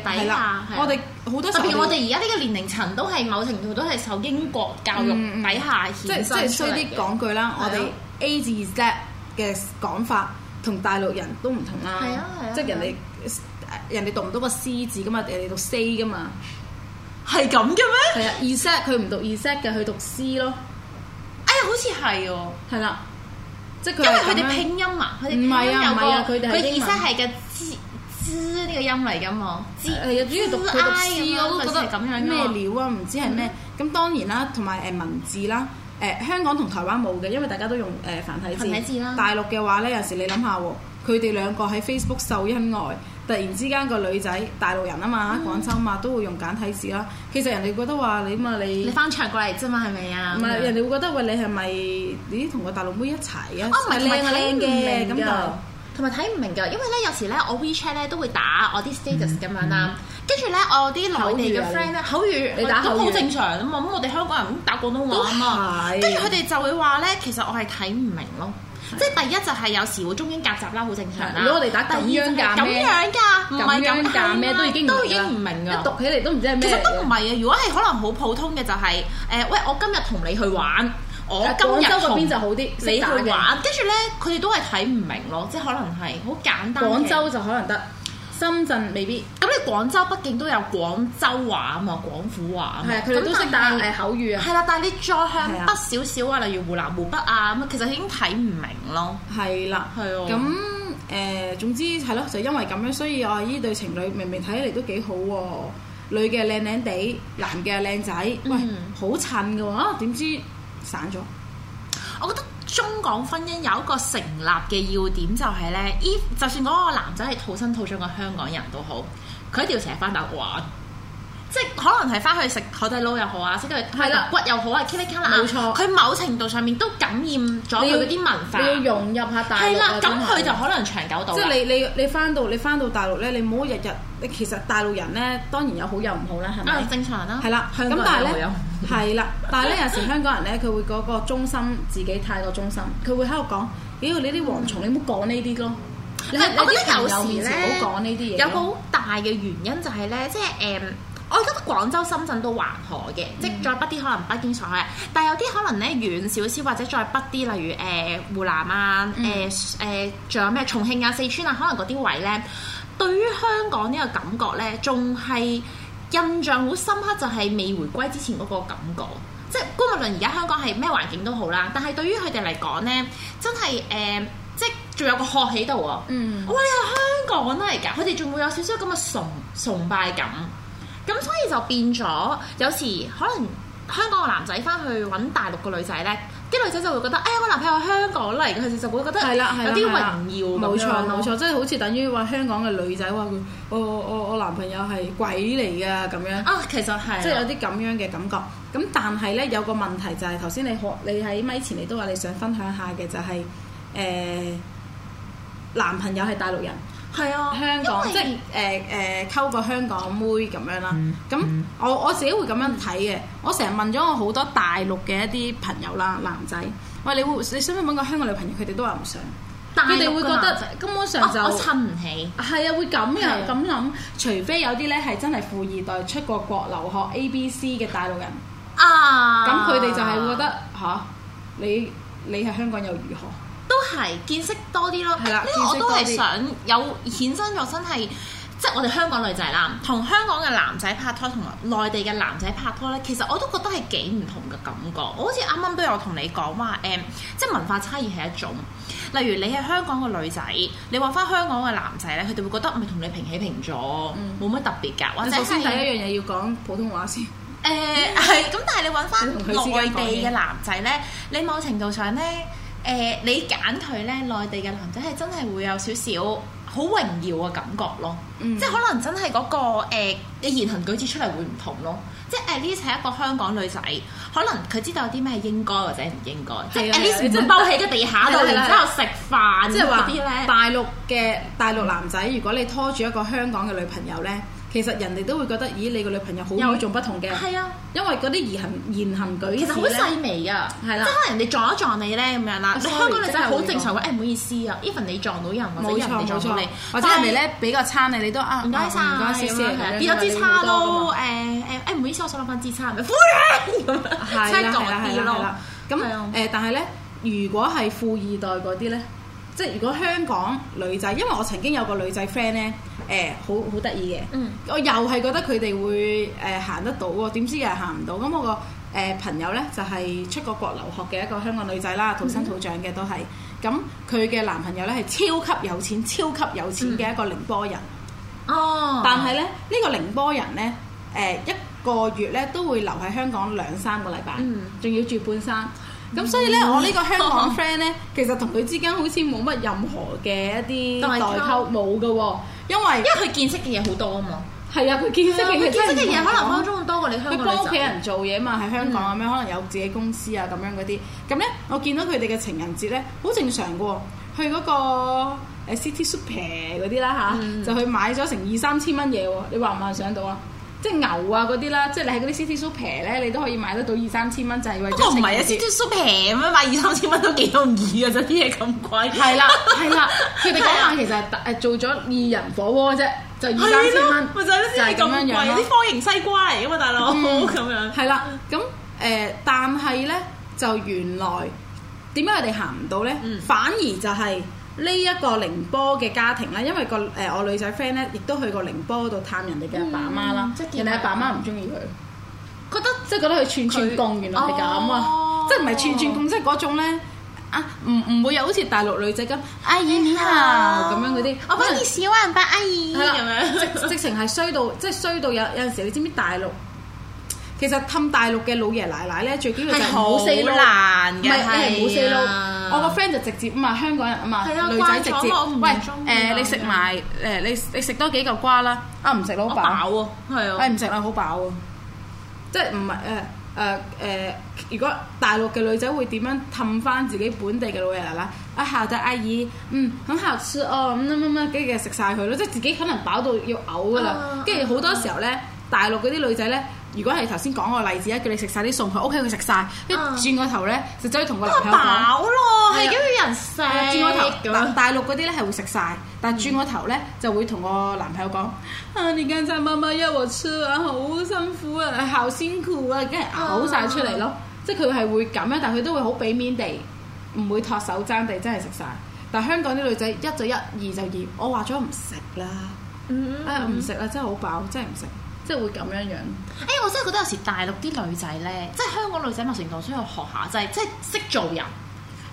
係啦，我哋好多時候，特別我哋而家呢個年齡層都係某程度都係受英國教育底下、嗯，即係衰啲講句啦，啊、我哋 A 字 set 嘅講法同大陸人都唔同啦、啊，啊啊啊、即係人哋人哋讀唔到個 C 字噶嘛，人哋讀 C 噶嘛，係咁嘅咩？係啊，set 佢唔讀 set 嘅，佢讀 C 咯。哎呀，好似係哦。係啦、啊，即係佢。因為佢哋拼音啊，佢哋唔係啊唔係啊，佢哋係英文。個 set 係嘅。知呢個音嚟噶嘛？知主要讀 I 咯，覺得係咁樣咩料啊？唔知係咩？咁當然啦，同埋誒文字啦，誒香港同台灣冇嘅，因為大家都用誒繁體字。繁體字啦。大陸嘅話咧，有時你諗下，佢哋兩個喺 Facebook 秀恩愛，突然之間個女仔，大陸人啊嘛，廣州嘛，都會用簡體字啦。其實人哋覺得話你嘛，你你翻牆過嚟啫嘛，係咪啊？唔係，人哋會覺得喂，你係咪你同個大陸妹一齊啊？啊，唔係靚啊靚嘅咁就。同埋睇唔明㗎，因為咧有時咧我 WeChat 咧都會打我啲 status 咁樣啦，跟住咧我啲內地嘅 friend 咧口語你打都好正常啊嘛，咁我哋香港人打廣東話啊嘛，跟住佢哋就會話咧，其實我係睇唔明咯，即係第一就係有時會中英夾雜啦，好正常啦。如果我哋打第二，咁樣㗎，唔係咁㗎，咩都已經都已經唔明㗎，讀起嚟都唔知係咩。其實都唔係啊，如果係可能好普通嘅就係，誒喂，我今日同你去玩。我州、哦、今日同你玩，跟住咧，佢哋都係睇唔明咯，即係可能係好簡單嘅。廣州就可能得，深圳未必。咁你廣州畢竟都有廣州話啊嘛，廣府話啊佢哋都識帶、嗯、口語啊。係啦，但係你再向北少少啊，的例如湖南、湖北啊，咁其實已經睇唔明咯。係啦，係哦。咁誒的、呃，總之係咯，就因為咁樣，所以啊，依對情侶明明睇起嚟都幾好喎，女嘅靚靚地，男嘅靚仔，嗯、喂，好襯㗎喎，點知？散咗，我覺得中港婚姻有一個成立嘅要點就係咧，依就算嗰個男仔係土生土長嘅香港人都好，佢一定要成日翻大陸玩，即係可能係翻去食海底撈又好啊，食佢係啦骨又好啊 c o l o，冇錯，佢某程度上面都感染咗佢啲文化，要融入下大陸。係啦，咁佢就可能長久到。即係你你你翻到你翻到大陸咧，你唔好日日。其實大陸人咧，當然有好有唔好啦，係咪？正常啦。係啦，咁但係咧。係啦， [laughs] 但係咧有時香港人咧，佢會嗰個中心，自己太過中心，佢會喺度講：妖你啲蝗蟲，你唔好講呢啲咯。嗯、你你覺得有友唔好講呢啲嘢。有個好大嘅原因就係、是、咧，即係誒、嗯，我覺得廣州、深圳都還可嘅，即係再北啲可能北京上海，嗯、但係有啲可能咧遠少少或者再北啲，例如誒、呃、湖南啊、誒誒、嗯，仲、呃、有咩重慶啊、四川啊，可能嗰啲位咧，對於香港呢個感覺咧，仲係。印象好深刻就係、是、未回歸之前嗰個感覺，即係姑勿論而家香港係咩環境都好啦，但係對於佢哋嚟講咧，真係誒、呃，即係仲有個殼喺度我話，你係、嗯、香港嚟㗎，佢哋仲會有少少咁嘅崇崇拜感，咁所以就變咗，有時可能香港嘅男仔翻去揾大陸嘅女仔咧。啲女仔就會覺得，哎呀，我男朋友香港嚟嘅。而家其實我覺得有啲混淆，冇錯冇錯，即係錯好似等於話香港嘅女仔話佢，我我我男朋友係鬼嚟噶咁樣，啊，其實係，即係有啲咁樣嘅感覺。咁但係咧，有個問題就係，頭先你學你喺咪前你都話你想分享下嘅就係、是，誒、欸，男朋友係大陸人。係啊，香港因為 即係誒誒溝個香港妹咁樣啦。咁我我自己會咁樣睇嘅。嗯、我成日問咗我好多大陸嘅一啲朋友啦，男仔，喂，你會你想唔想揾個香港女朋友？佢哋都話唔想，佢哋會覺得根本上就我襯唔起。係啊，會咁樣咁諗、啊，除非有啲咧係真係富二代出過國留學 A B C 嘅大陸人啊，咁佢哋就係會覺得吓，你你係香港又如何？都係見識多啲咯，呢個、啊、我都係想有衍生咗真係，即、就、係、是、我哋香港女仔啦，同香港嘅男仔拍拖，同內地嘅男仔拍拖咧，其實我都覺得係幾唔同嘅感覺。我好似啱啱都有同你講話，誒、嗯，即係文化差異係一種。例如你係香港嘅女仔，你話翻香港嘅男仔咧，佢哋會覺得唔係同你平起平坐，冇乜、嗯、特別㗎。首先第一樣嘢要講普通話先。誒、嗯，係、嗯。咁但係你揾翻內地嘅男仔咧，你某程度上咧。誒、呃，你揀佢咧，內地嘅男仔係真係會有少少好榮耀嘅感覺咯，嗯、即係可能真係嗰、嗰個、呃、你言行舉止出嚟會唔同咯，即係呢係一個香港女仔，可能佢知道有啲咩應該或者唔應該，的即係呢啲唔包喺個地下度，的然之後食飯即係話，大陸嘅大陸男仔，如果你拖住一個香港嘅女朋友咧。其實人哋都會覺得，咦，你個女朋友好有種不同嘅。係啊，因為嗰啲言行言行舉止其實好細微㗎。係啦，即係可能人哋撞一撞你咧咁樣啦，香港女仔好正常嘅。誒唔好意思啊，even 你撞到人或者人哋撞你，或者人哋咧俾個叉你，你都啊唔該曬，唔該少少嘅。跌咗支叉到誒誒，誒唔好意思，我想攞翻支叉，咪富人咁，差咁啲咯。咁誒，但係咧，如果係富二代嗰啲咧。即係如果香港女仔，因為我曾經有個女仔 friend 呢，誒好好得意嘅，嗯、我又係覺得佢哋會誒、呃、行得到喎，點知又行唔到。咁我個誒、呃、朋友呢，就係、是、出過國留學嘅一個香港女仔啦，土生土長嘅都係。咁佢嘅男朋友呢，係超級有錢、超級有錢嘅一個寧波人。哦、嗯。但係呢，呢、呢個寧波人呢，誒、呃、一個月呢都會留喺香港兩三個禮拜，仲、嗯、要住半山。咁所以咧，我呢個香港 friend 咧，其實同佢之間好似冇乜任何嘅一啲代溝，冇嘅喎，因為因為佢見識嘅嘢好多啊嘛，係、嗯、啊，佢見識佢見識嘅嘢可能香中仲多過你香港，佢幫屋企人做嘢嘛，喺香港咁樣，嗯、可能有自己公司啊咁樣嗰啲，咁咧我見到佢哋嘅情人節咧，好正常嘅喎，去嗰個 City Super 嗰啲啦吓，嗯、就去買咗成二三千蚊嘢喎，你話唔話想到啊？嗯即係牛啊嗰啲啦，即係你喺嗰啲 City Super 咧，你都可以買得到二三千蚊，就係、是、為咗食、啊。唔係啊，City Super 咩買二三千蚊都幾容易啊，就啲嘢咁貴。係啦，係啦，佢哋嗰晚其實係誒做咗二人火鍋啫，就二三千蚊，咪啦就係啲咁樣有啲方形西瓜嚟嘅嘛，大佬咁、嗯、 [laughs] 樣。係啦，咁誒、呃，但係咧就原來點解佢哋行唔到咧？反而就係、是。.呢一個寧波嘅家庭咧，因為個誒我女仔 friend 咧，亦都去過寧波度探人哋嘅阿爸媽啦。即係人哋阿爸媽唔中意佢，覺得即係覺得佢串串貢，原來係咁啊！即係唔係串串貢，即係嗰種咧啊，唔唔會有好似大陸女仔咁，阿姨你好咁樣嗰啲，我幫你小人吧阿姨咁樣，直直情係衰到，即係衰到有有陣時，你知唔知大陸其實氹大陸嘅老爺奶奶咧，最緊要就係好死老爛，唔係係冇死老。我個 friend 就直接啊嘛，香港人啊嘛，女仔直接。喂，誒、呃、你食埋誒你你食多幾嚿瓜啦，啊唔食喇。我飽喎，係啊，喂唔食啊好飽啊，嗯、飽即係唔係誒誒誒？如果大陸嘅女仔會點樣氹翻自己本地嘅老爺奶奶啊？阿伯阿爺嗯肯下次哦咁乜乜乜，跟住食晒佢咯，即係自己可能飽到要嘔噶啦。跟住好多時候咧，uh, 大陸嗰啲女仔咧。如果係頭先講個例子咧，叫你食晒啲餸，佢 OK，佢食晒，曬。轉個頭咧，就走去同個男朋友講、啊，飽咯，係咁為人食。轉個頭，大陸嗰啲咧係會食晒，但轉個頭咧就會同個男朋友講，啊、嗯，你今次媽媽約我吃，好辛苦啊，好辛苦啊，已經嘔晒出嚟咯。啊、即係佢係會咁樣，但係佢都會好俾面地，唔會托手踭地，真係食晒。但係香港啲女仔一就一，二就二，我話咗唔食啦，啊唔食啦，真係好飽，真係唔食。即係會咁樣樣，哎、欸！我真係覺得有時大陸啲女仔咧，即係香港女仔某程度需要學下，就係即係識做人。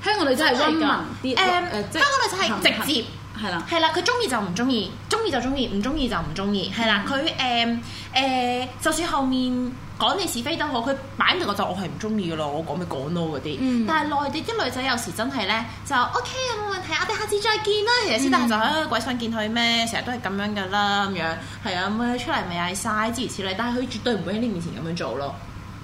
香港女仔係溫文啲，誒，香港女仔係直接。行行係啦，係啦，佢中意就唔中意，中意就中意，唔中意就唔中意，係啦，佢誒誒，就算後面講你是非都好，佢擺明個就我係唔中意噶咯，我講咪講咯嗰啲。嗯、但係內地啲女仔有時真係咧，就 OK 有冇問題？我哋下次再見啦。其實私底下就鬼想見佢咩？成日都係咁樣噶啦咁樣，係啊，出嚟咪嗌晒，諸如此類。但係佢絕對唔會喺你面前咁樣做咯。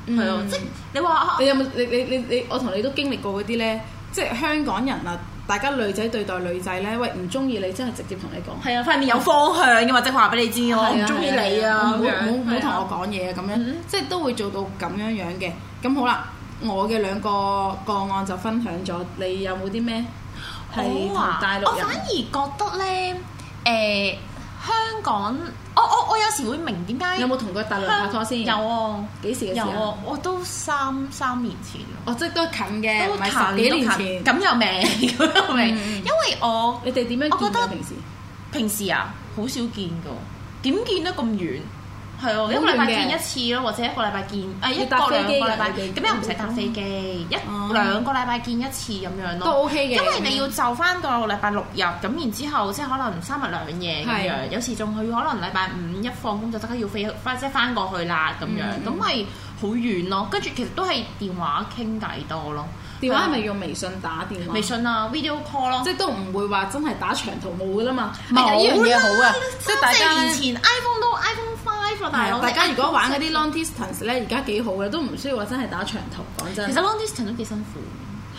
係咯、嗯，的即你話你有冇你你你你我同你都經歷過嗰啲咧，即係香港人啊。大家女仔對待女仔呢，喂，唔中意你，真係直接同你講。係啊，塊面有方向嘅，啊、或者話俾你知、啊、我唔中意你啊，唔好唔好同我講嘢啊。咁樣，即係都會做到咁樣樣嘅。咁好啦，我嘅兩個個案就分享咗，你有冇啲咩好啊，大陸、哦、我反而覺得呢，誒、呃、香港。我我我有時會明點解有冇同佢搭涼拍拖先？有哦、啊，幾時嘅事、啊、我都三三年前，我即係都是近嘅，唔係十幾年前。咁有名咁有名？嗯、因為我，我你哋點樣見得平時平時啊，好少見㗎，點見得咁遠？係哦，一個禮拜見一次咯，或者一個禮拜見誒、啊、一個兩個禮拜，咁又唔使搭飛機，嗯、一兩個禮拜見一次咁、嗯、樣咯。都 OK 嘅，因為你要就翻個禮拜六日，咁然之後即係可能三日兩夜咁樣，有時仲去，可能禮拜五一放工就得啦，要飛或者翻過去啦咁樣，咁咪好遠咯。跟住其實都係電話傾偈多咯。電話係咪用微信打電話？微信啊，video call 咯。即係都唔會話真係打長途冇噶啦嘛。有依樣嘢好啊！即係大家以前 iPhone 都 iPhone Five 但係大家如果玩嗰啲 long distance 咧，而家幾好嘅，都唔需要話真係打長途。講真。其實 long distance 都幾辛苦。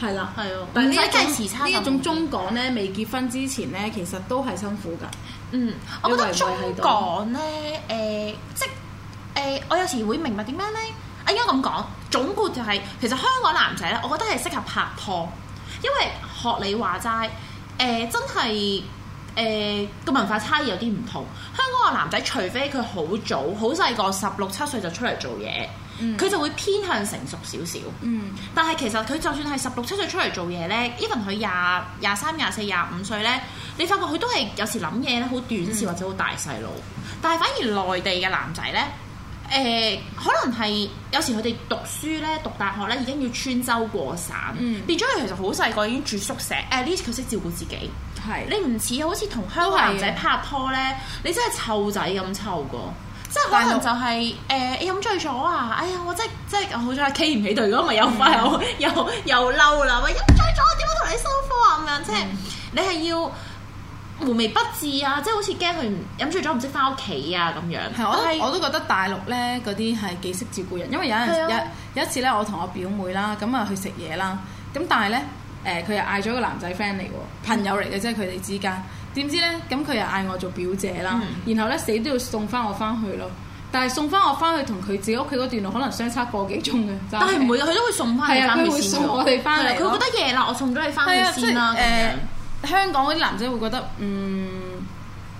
係啦。係咯。但係計時差，呢一種中港咧，未結婚之前咧，其實都係辛苦㗎。嗯，我覺得中港咧，誒，即係誒，我有時會明白點樣咧。啊，應該咁講，總括就係、是、其實香港男仔咧，我覺得係適合拍拖，因為學你話齋，誒、呃、真係誒個文化差異有啲唔同。香港嘅男仔，除非佢好早好細個，十六七歲就出嚟做嘢，佢、嗯、就會偏向成熟少少。嗯，但係其實佢就算係十六七歲出嚟做嘢咧，even 佢廿廿三、廿四、廿五歲咧，你發覺佢都係有時諗嘢好短視、嗯、或者好大細路，但係反而內地嘅男仔咧。誒可能係有時佢哋讀書咧，讀大學咧已經要穿州過省，嗯、變咗佢其實好細個已經住宿舍。誒，At least 佢識照顧自己，係、嗯、你唔似好似同鄉下男仔是拍拖咧，你真係湊仔咁湊個，我即係可能就係你飲醉咗啊！哎呀，我真真好彩企唔起隊咯，咪、嗯、又快又又嬲啦！喂，飲醉咗，點樣同你收科啊？咁樣即係你係要。無微不至啊，即係好似驚佢飲醉咗唔識翻屋企啊咁樣。係、嗯，我都我都覺得大陸咧嗰啲係幾識照顧人，因為有陣有、嗯、有一次咧，我同我表妹啦，咁啊去食嘢啦，咁但係咧，誒、呃、佢又嗌咗個男仔 friend 嚟喎，朋友嚟嘅，即係佢哋之間。點知咧，咁佢又嗌我做表姐啦，然後咧，死都要送翻我翻去咯。但係送翻我翻去同佢自己屋企嗰段路，可能相差個幾鐘嘅。就是、但係唔會，佢都會送翻去先咯、哦。佢會，會送我哋翻。佢、嗯呃、覺得夜啦，我送咗你翻去先啦咁香港嗰啲男仔會覺得，嗯。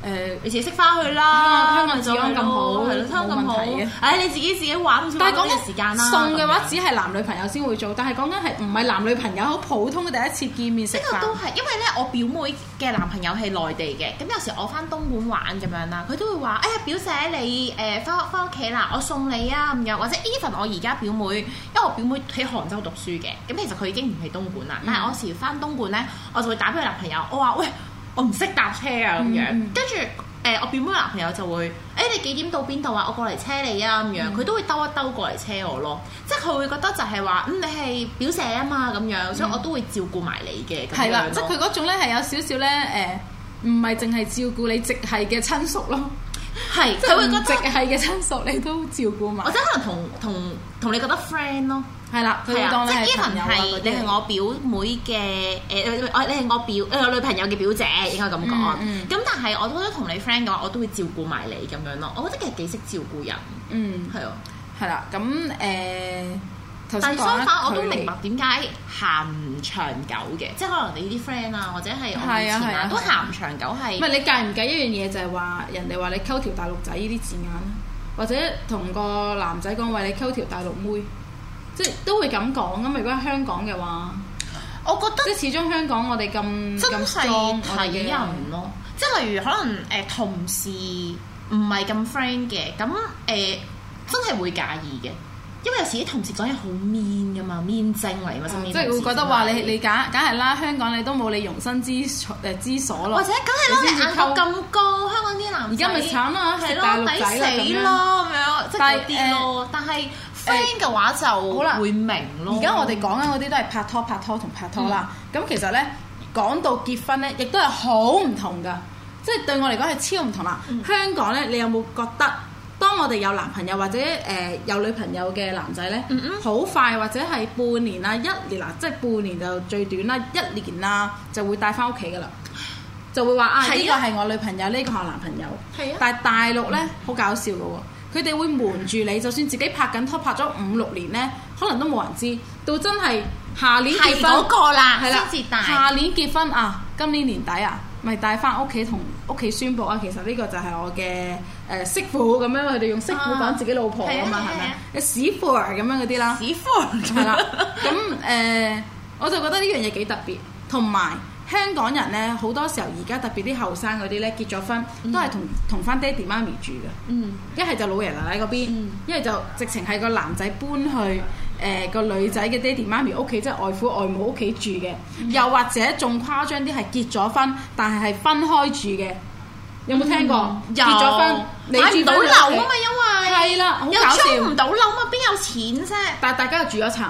誒，呃、你自己識翻去啦！香港治安咁好，係咯，冇問題嘅。誒、哎，你自己自己玩。但係講緊時間啦、啊。送嘅話，樣只係男女朋友先會做，但係講緊係唔係男女朋友，好普通嘅第一次見面食飯。呢個都係，因為咧，我表妹嘅男朋友係內地嘅，咁有時我翻東莞玩咁樣啦，佢都會話：哎呀，表姐你誒翻屋翻屋企啦，我送你啊咁樣。或者 even 我而家表妹，因為我表妹喺杭州讀書嘅，咁其實佢已經唔係東莞啦。但係我時翻東莞咧，我就會打俾佢男朋友，我話：喂！我唔識搭車啊咁樣，跟住誒我表妹男朋友就會，誒、欸、你幾點到邊度啊？我過嚟車你啊咁樣，佢、嗯、都會兜一兜過嚟車我咯，即係佢會覺得就係話，咁、嗯、你係表姐啊嘛咁樣，嗯、所以我都會照顧埋你嘅。係啦、嗯，樣即係佢嗰種咧係有少少咧誒，唔係淨係照顧你直係嘅親屬咯，係佢會覺得直係嘅親屬你都照顧埋。我真係可能同同同你覺得 friend 咯。係啦，佢當你係你係我表妹嘅誒我你係我表、呃、你我女朋友嘅表姐，應該咁講。咁、嗯嗯、但係我都覺得同你 friend 嘅話，我都會照顧埋你咁樣咯。我覺得其實幾識照顧人，嗯，係哦了，係啦。咁誒，呃、但相反距離 我都明白點解行唔長久嘅，即係可能你啲 friend 啊，或者係我以前啊，啊啊啊都行唔長久係唔係？你計唔計一樣嘢就係話人哋話你溝條大陸仔呢啲字眼，或者同個男仔講話你溝條大陸妹？即係都會咁講，咁如果喺香港嘅話，我覺得即係始終香港我哋咁真裝我哋嘅人咯。即係例如可能誒同事唔係咁 friend 嘅，咁誒真係會介意嘅。因為有時啲同事講嘢好面㗎嘛，面正嚟㗎嘛，即係會覺得話你你假，梗係啦。香港你都冇你容身之誒之所咯。或者梗係啦，啲眼光咁高，香港啲男仔而家咪慘啦，係咯，抵死咯咁樣，即係嗰啲咯。但係 friend 嘅話就好難會明咯。而家我哋講緊嗰啲都係拍拖拍拖同拍拖啦。咁、嗯、其實呢，講到結婚呢，亦都係好唔同噶。即係對我嚟講係超唔同啦。嗯、香港呢，你有冇覺得當我哋有男朋友或者誒、呃、有女朋友嘅男仔呢，好、嗯嗯、快或者係半年啊一年啦，即、就、係、是、半年就最短啦，一年啊就會帶翻屋企噶啦，就會話啊呢、啊、個係我女朋友，呢、這個係我男朋友。啊、但係大陸呢，好搞笑噶喎。佢哋會瞞住你，就算自己拍緊拖拍咗五六年咧，可能都冇人知。到真係下年結婚先至了帶。下年結婚啊，今年年底啊，咪帶翻屋企同屋企宣布啊，其實呢個就係我嘅誒、呃、媳婦咁樣，佢哋用媳婦講自己老婆啊嘛，係咪啊？史婦咁樣嗰啲啦。史婦係啦。咁誒、呃，我就覺得呢樣嘢幾特別，同埋。香港人咧，好多時候而家特別啲後生嗰啲咧結咗婚，都係同同翻爹哋媽咪住嘅。一係、嗯、就老爺奶奶嗰邊，一係、嗯、就直情係個男仔搬去誒、呃、個女仔嘅爹哋媽咪屋企，即係外父外母屋企住嘅。嗯、又或者仲誇張啲係結咗婚，但係係分開住嘅。有冇聽過？嗯、結咗婚，買唔到樓啊嘛，因為係啦，好搞笑，又唔到樓啊嘛，邊有錢啫？但係大家又住咗層，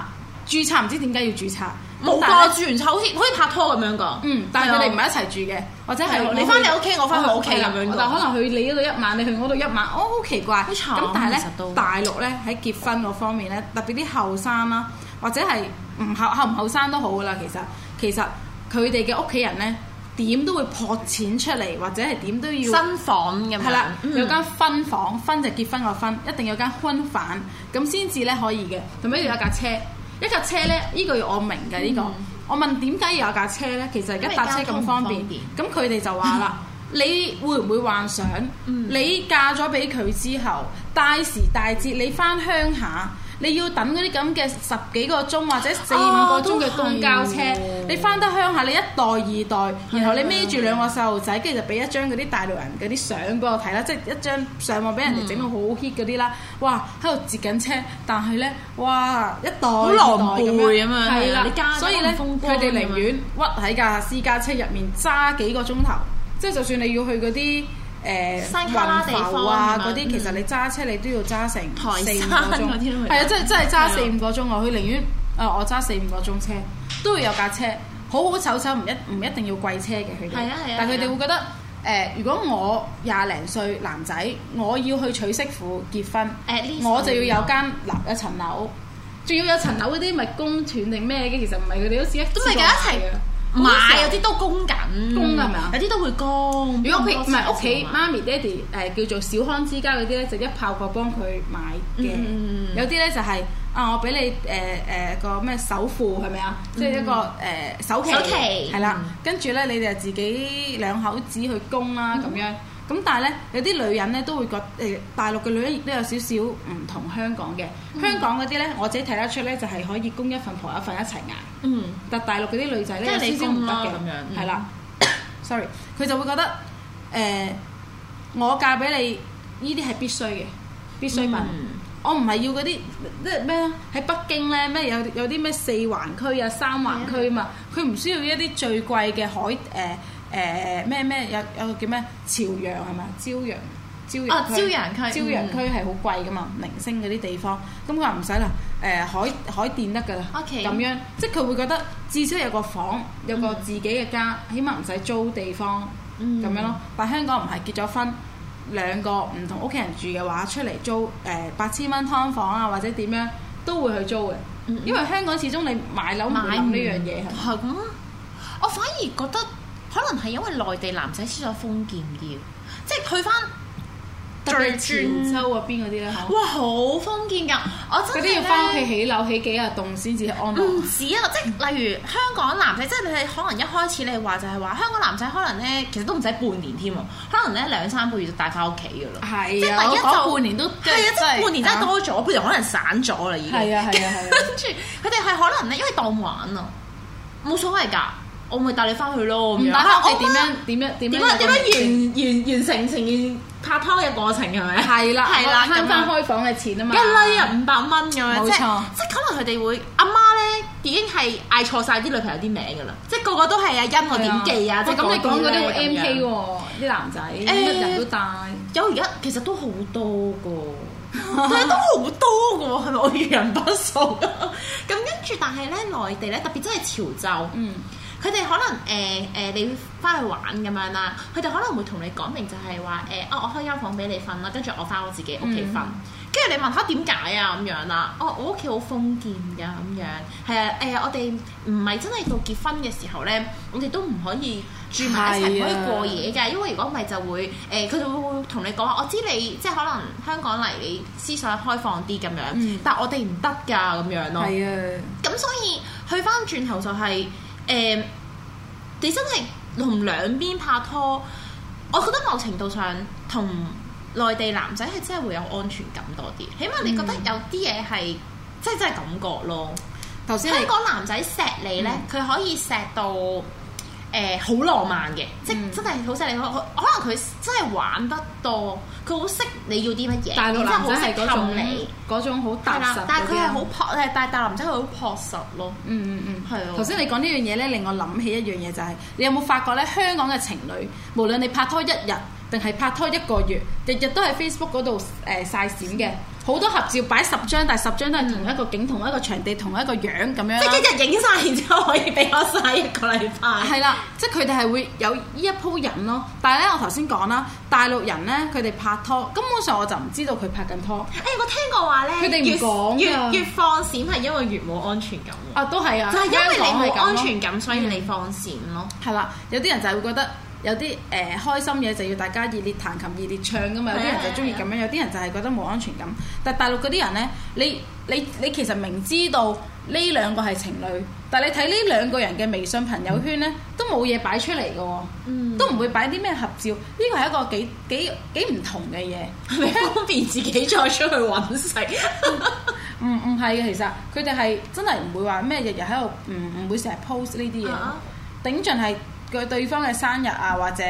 註冊唔知點解要註冊冇啩，住完就好似可以拍拖咁樣噶。嗯，但係佢哋唔係一齊住嘅，或者係你翻你屋企，我翻我屋企咁樣。但可能佢去你嗰度一晚，你去嗰度一晚，哦，好奇怪。咁但係咧，大陸咧喺結婚嗰方面咧，特別啲後生啦，或者係唔後後唔後生都好啦。其實其實佢哋嘅屋企人咧，點都會撲錢出嚟，或者係點都要新房咁。係啦，有間婚房，婚就結婚個婚，一定有間婚房咁先至咧可以嘅。最屘仲有架車。一架車呢呢個我明嘅呢、呢個，嗯、我問點解要有架車呢？其實而家搭車咁方便，咁佢哋就話啦，嗯、你會唔會幻想、嗯、你嫁咗俾佢之後，大時大節你翻鄉下？你要等嗰啲咁嘅十幾個鐘或者四五個鐘嘅公交車，你翻得鄉下，你一代、二代，然後你孭住兩個細路仔，跟住就俾一張嗰啲大陸人嗰啲相俾我睇啦，即係一張上網俾人哋整到好 hit 嗰啲啦，哇！喺度截緊車，但係呢，哇一代好狼狽咁樣，係啦，所以呢，佢哋寧願屈喺架私家車入面揸幾個鐘頭，即係就算你要去嗰啲。誒山卡拉地方啊嗰啲，其實你揸車你都要揸成四五個鐘嗰啲都係，啊，真係真係揸四五個鐘啊！佢寧願誒我揸四五個鐘車，都會有架車好好醜醜，唔一唔一定要貴車嘅佢哋。係啊係啊，但係佢哋會覺得誒，如果我廿零歲男仔，我要去娶媳婦結婚，我就要有間樓一層樓，仲要有層樓嗰啲，咪供斷定咩嘅，其實唔係佢哋都試一試買有啲都供緊，供係咪啊？有啲都會供。如果佢唔係屋企，媽咪爹哋誒叫做小康之家嗰啲咧，就一炮過幫佢買嘅。有啲咧就係啊，我俾你誒誒個咩首付係咪啊？即係一個誒首期，係啦。跟住咧，你哋就自己兩口子去供啦咁樣。咁但係咧，有啲女人咧都會覺誒，大陸嘅女人亦都有少少唔同香港嘅。香港嗰啲咧，嗯、我自己睇得出咧，就係可以供一份婆一份一齊捱。嗯，但大陸嗰啲女仔咧，有少少唔得嘅，係啦。嗯、Sorry，佢就會覺得誒、呃，我嫁俾你，呢啲係必須嘅，必須品。嗯、我唔係要嗰啲，即係咩喺北京咧，咩有有啲咩四環區啊、三環區啊嘛，佢唔、嗯、需要一啲最貴嘅海誒。呃誒咩咩有有個叫咩朝陽係咪？朝陽朝陽區朝陽區係好貴㗎嘛，明星嗰啲地方。咁佢話唔使啦，誒海海淀得㗎啦，OK，咁樣即係佢會覺得至少有個房，有個自己嘅家，起碼唔使租地方咁樣咯。但香港唔係結咗婚兩個唔同屋企人住嘅話，出嚟租誒八千蚊劏房啊，或者點樣都會去租嘅，因為香港始終你買樓唔呢樣嘢係。係咁，我反而覺得。可能係因為內地男仔思想封建啲，即係去翻特別潮州嗰邊嗰啲咧嚇，哇好封建噶！我真係要翻屋企起樓起幾日棟先至安樂。唔止啊，即係例如香港男仔，即係你係可能一開始你話就係話香港男仔可能咧，其實都唔使半年添啊，可能咧兩三個月就帶翻屋企噶啦。係啊，即一半年都係啊，半年真係多咗，我半年可能散咗啦，已經係啊係啊係啊，跟住佢哋係可能咧，因為當玩啊，冇所謂㗎。我會帶你翻去咯，咁樣你點樣點樣點樣？點樣點樣完完完成完拍拖嘅過程係咪啊？係啦，係啦，慳翻開房嘅錢啊嘛！一粒啊五百蚊咁樣，冇錯即係可能佢哋會阿媽咧已經係嗌錯晒啲女朋友啲名㗎啦，即係個個都係阿欣阿傑啊，就咁你講嗰啲 M K 喎，啲男仔，乜人都帶。有而家其實都好多㗎，都好多㗎喎，係咪我遇人不熟？咁跟住，但係咧內地咧特別真係潮州，嗯。佢哋可能誒誒、呃呃，你翻去玩咁樣啦。佢哋可能會同你講明就係話誒，哦，我開間房俾你瞓啦，跟住我翻我自己屋企瞓。跟住、嗯、你問下點解啊咁樣啦？哦，我屋企好封建嘅咁樣係啊誒、呃，我哋唔係真係到結婚嘅時候咧，我哋都唔可以住埋一齊，唔可以過夜嘅。因為如果唔係就會誒，佢、呃、哋會會同你講我知你即係可能香港嚟你思想開放啲咁樣，嗯、但係我哋唔得㗎咁樣咯。係啊，咁所以去翻轉頭就係、是。誒、呃，你真係同兩邊拍拖，我覺得某程度上同內地男仔係真係會有安全感多啲，起碼你覺得有啲嘢係，即係、嗯、真係感覺咯。頭先香港男仔錫你呢，佢可以錫到，誒好、呃、浪漫嘅，嗯、即真係好犀利，可、嗯、可能佢真係玩得多，佢好識你要啲乜嘢，大佬真係好識溝你嗰種好踏實。係啦，但係佢係好樸，嗯、但係、嗯、大男仔佢好樸實咯、嗯。嗯嗯嗯，係啊的。頭先你講呢樣嘢咧，令我諗起一樣嘢就係、是，你有冇發覺咧？香港嘅情侶，無論你拍拖一日定係拍拖一個月，日日都喺 Facebook 嗰度誒曬閃嘅。嗯好多合照擺十張，但係十張都係同一個景、嗯、同一個場地、同一個樣咁、嗯、樣。即係一日影晒，然之後可以俾我晒一個禮拜。係啦，即係佢哋係會有依一鋪人咯。但係咧，我頭先講啦，大陸人咧佢哋拍拖，根本上我就唔知道佢拍緊拖。誒、欸，我聽過話咧，佢哋唔講越越放閃，係因為越冇安全感。啊，都係啊，就係因為你冇安全感，所以你放閃咯。係啦，有啲人就係會覺得。有啲誒、呃、開心嘢就要大家熱烈彈琴、熱烈唱㗎嘛。 [music] 有啲人就中意咁樣， [music] 有啲人就係覺得冇安全感。但大陸嗰啲人呢，你你你其實明知道呢兩個係情侶，但你睇呢兩個人嘅微信朋友圈呢，都冇嘢擺出嚟嘅喎，都唔會擺啲咩合照。呢個係一個幾幾幾唔同嘅嘢， [laughs] 你方便自己再出去揾食。唔唔係嘅，其實佢哋係真係唔會話咩，日日喺度唔唔會成日 post 呢啲嘢。 [music] 頂盡係。嘅對方嘅生日啊，或者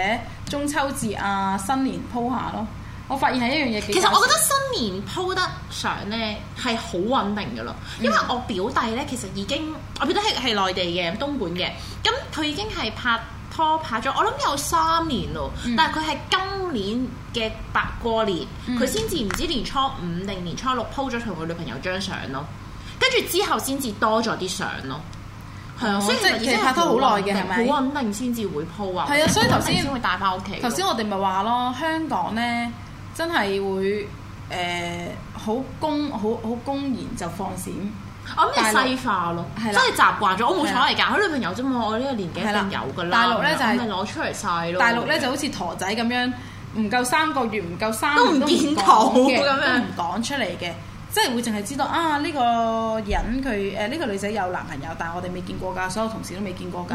中秋節啊，新年 po 下咯。我發現係一樣嘢。其實我覺得新年 po 得相咧係好穩定嘅咯，嗯、因為我表弟咧其實已經，我表弟係係內地嘅東莞嘅，咁佢已經係拍拖拍咗，我諗有三年咯。嗯、但係佢係今年嘅白過年，佢先至唔知年初五定年初六 po 咗同佢女朋友張相咯，跟住之後先至多咗啲相咯。係啊，所以即係拍拖好耐嘅，係咪？好穩定先至會鋪啊。係啊，所以頭先先會帶翻屋企。頭先我哋咪話咯，香港咧真係會誒好公好好公然就放閃，啊咩西化咯，真係習慣咗。我冇彩嚟㗎，我女朋友啫嘛，我呢個年紀一定有㗎啦。大陸咧就係攞出嚟晒咯。大陸咧就好似陀仔咁樣，唔夠三個月，唔夠三個月都唔見到嘅咁樣，唔講出嚟嘅。即係會淨係知道啊，呢個人佢誒呢個女仔有男朋友，但係我哋未見過㗎，所有同事都未見過㗎。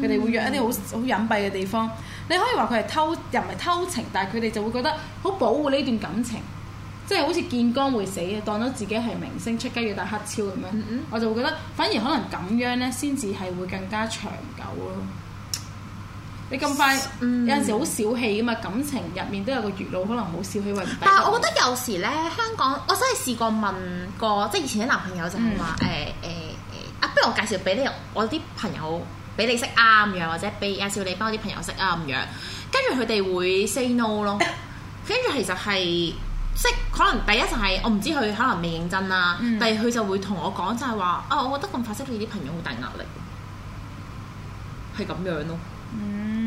佢哋、嗯、會約一啲好好隱蔽嘅地方。你可以話佢係偷，又唔係偷情，但係佢哋就會覺得好保護呢段感情，即係好似見光會死嘅，當咗自己係明星，出街要戴黑超咁樣。嗯、我就會覺得，反而可能咁樣呢，先至係會更加長久咯。你咁快、嗯、有陣時好小氣噶嘛？感情入面都有個月老，可能好小氣或者，但係我覺得有時咧，香港我真係試過問過，即係以前啲男朋友就係話誒誒啊，不如我介紹俾你，我啲朋友俾你識啊咁樣，或者俾介紹你幫我啲朋友識啊咁樣，跟住佢哋會 say no 咯。跟住其實係即可能第一就係我唔知佢可能未認真啦，但係佢就會同我講就係話啊，我覺得咁快識到你啲朋友好大壓力，係咁、嗯、樣咯。嗯。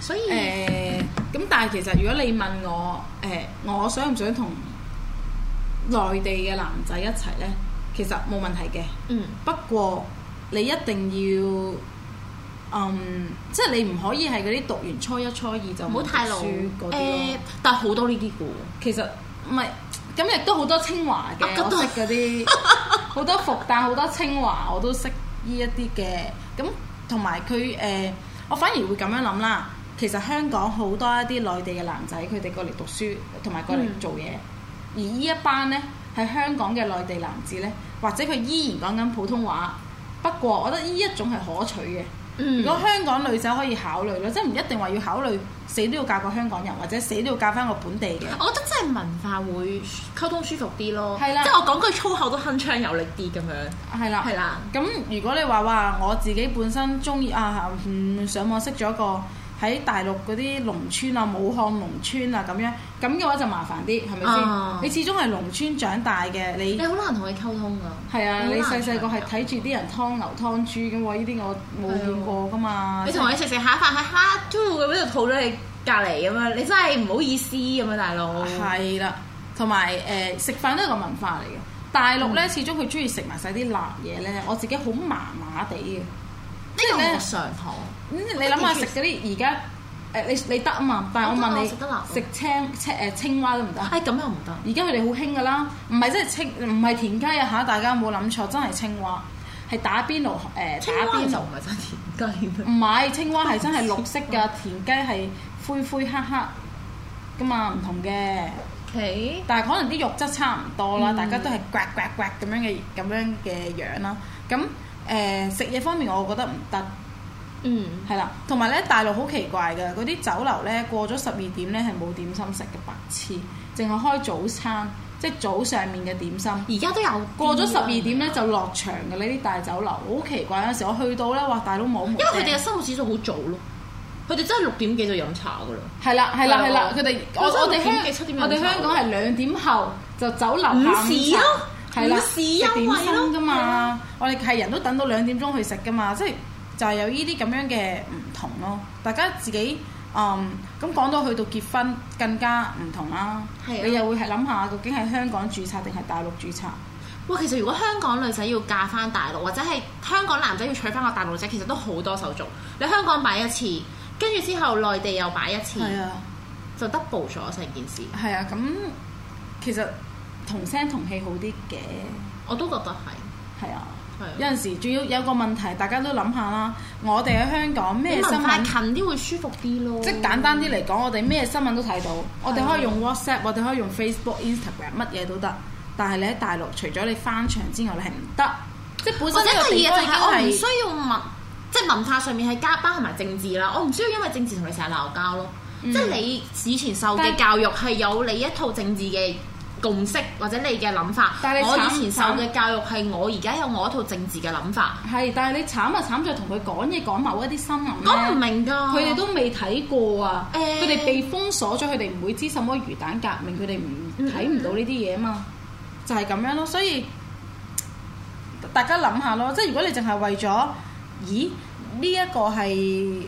所以誒，咁、欸、但係其實如果你問我誒、欸，我想唔想同內地嘅男仔一齊咧？其實冇問題嘅。嗯。不過你一定要嗯，即、就、係、是、你唔可以係嗰啲讀完初一、初二，就唔好太老誒、欸。但係好多呢啲嘅其實唔係咁，亦都好多清華嘅，啊、我都識嗰啲好多復旦，但好多清華我都識呢一啲嘅。咁同埋佢誒，我反而會咁樣諗啦。其實香港好多一啲內地嘅男仔，佢哋過嚟讀書同埋過嚟做嘢，而呢一班呢，係香港嘅內地男仔呢，或者佢依然講緊普通話。不過，我覺得呢一種係可取嘅。嗯、如果香港女仔可以考慮咯，嗯、即係唔一定話要考慮死都要嫁個香港人，或者死都要嫁翻個本地嘅。我覺得真係文化會溝通舒服啲咯，是啦 即係我講句粗口都鏗鏘有力啲咁樣。係啦，係啦。咁如果你話話我自己本身鍾意啊嗯，嗯，上網識咗一個。喺大陸嗰啲農村啊，武漢農村啊咁樣，咁嘅話就麻煩啲，係咪先？啊、你始終係農村長大嘅，你你好難同佢溝通噶。係啊，你細細個係睇住啲人劏牛劏豬咁喎，呢啲我冇見過噶嘛、嗯、的嘛。你同佢食食下一飯，喺哈豬嗰度吐咗你隔離咁啊，你真係唔好意思咁啊，大佬。係啦、嗯，同埋誒食飯都係個文化嚟嘅。大陸咧始終佢中意食埋晒啲辣嘢咧，我自己好麻麻地嘅。呢個我尚可。咁你諗下食嗰啲而家誒你你得啊嘛，但係我問你食青青誒青蛙都唔得？誒咁、哎、又唔得。而家佢哋好興噶啦，唔係即係青唔係田雞啊嚇！大家有冇諗錯，真係青蛙係打邊爐誒。青蛙打邊爐就唔係真田雞。唔係青蛙係真係綠色嘅，田雞係灰灰黑黑噶嘛，唔同嘅。Okay. 但係可能啲肉質差唔多啦，大家都係刮刮刮咁樣嘅咁、嗯、樣嘅樣啦。咁誒食嘢方面，我覺得唔得。嗯，係啦，同埋咧大陸好奇怪嘅，嗰啲酒樓咧過咗十二點咧係冇點心食嘅，白痴，淨係開早餐，即係早上面嘅點心。而家都有過咗十二點咧就落場嘅呢啲大酒樓，好奇怪，有時我去到咧，話大佬，冇，因為佢哋嘅生活指數好早咯，佢哋真係六點幾就飲茶噶啦。係啦係啦係啦，佢哋我我哋香我哋香港係兩點後就酒樓午市咯，係啦，午市優惠咯嘛，我哋係人都等到兩點鐘去食噶嘛，即係。就係有呢啲咁樣嘅唔同咯，大家自己嗯咁講到去到結婚更加唔同啦。的你又會係諗下，究竟係香港註冊定係大陸註冊？哇！其實如果香港女仔要嫁翻大陸，或者係香港男仔要娶翻個大陸仔，其實都好多手續。你香港擺一次，跟住之後內地又擺一次，係啊的，就 double 咗成件事。係啊，咁其實同聲同氣好啲嘅，我都覺得係，係啊。 [music] 有陣時，仲要有一個問題，大家都諗下啦。我哋喺香港咩新聞近啲會舒服啲咯？即簡單啲嚟講，我哋咩新聞都睇到， [music] 我哋可以用 WhatsApp，我哋可以用 Facebook、Instagram，乜嘢都得。但係你喺大陸，除咗你翻牆之外，你係唔得。即本身個嘢就係，我唔需要問，即、即係、文化上面係加班同埋政治啦。我唔需要因為政治同你成日鬧交咯。嗯、即你以前受嘅教育係有你一套政治嘅。共識或者你嘅諗法，我以前受嘅教育係我而家有我一套政治嘅諗法。係，但係你慘就慘就同佢講嘢講某一啲新聞，都唔明㗎。佢哋都未睇過啊！佢哋被封鎖咗，佢哋唔會知什麼魚蛋革命，佢哋唔睇唔到呢啲嘢啊嘛，就係咁樣咯。所以大家諗下咯，即係如果你淨係為咗，咦？呢一個係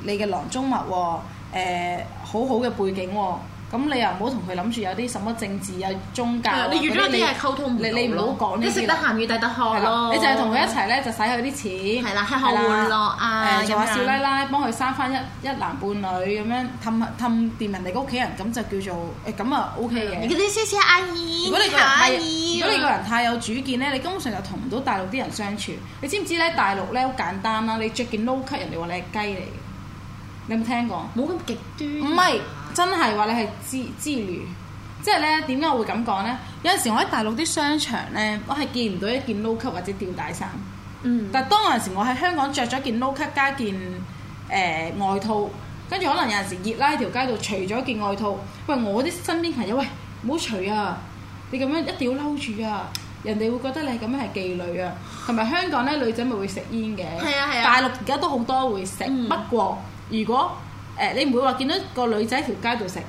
你嘅囊中物喎，誒，好好嘅背景喎。咁你又唔好同佢諗住有啲什麼政治啊、宗教，你你你你唔好講呢啲，食得鹹魚抵得渴咯。你就係同佢一齊咧，就使佢啲錢，係啦，係啊，娛樂啊，誒，仲話少奶奶幫佢生翻一一男半女咁樣氹啊，氹掂人哋個屋企人，咁就叫做誒咁啊 OK 嘅。你嗰啲些些阿姨，如果你個人，如果你個人太有主見咧，你根本上就同唔到大陸啲人相處。你知唔知咧？大陸咧好簡單啦，你著件 low cut，人哋話你係雞嚟嘅，你有冇聽過？冇咁極端。唔係。真係話你係自自愚，即係呢點解我會咁講呢？有陣時我喺大陸啲商場呢，我係見唔到一件 low cut 或者吊帶衫。嗯。但係當嗰陣時，我喺香港着咗件 low cut 加件誒、呃、外套，跟住可能有陣時熱啦喺條街度除咗件外套，喂我啲身邊朋友喂唔好除啊！你咁樣一定要嬲住啊！人哋會覺得你咁樣係妓女啊！同埋香港呢，女仔咪會食煙嘅，係啊係啊。啊大陸而家都好多會食，嗯、不過如果。誒，你唔會話見到個女仔喺條街度食，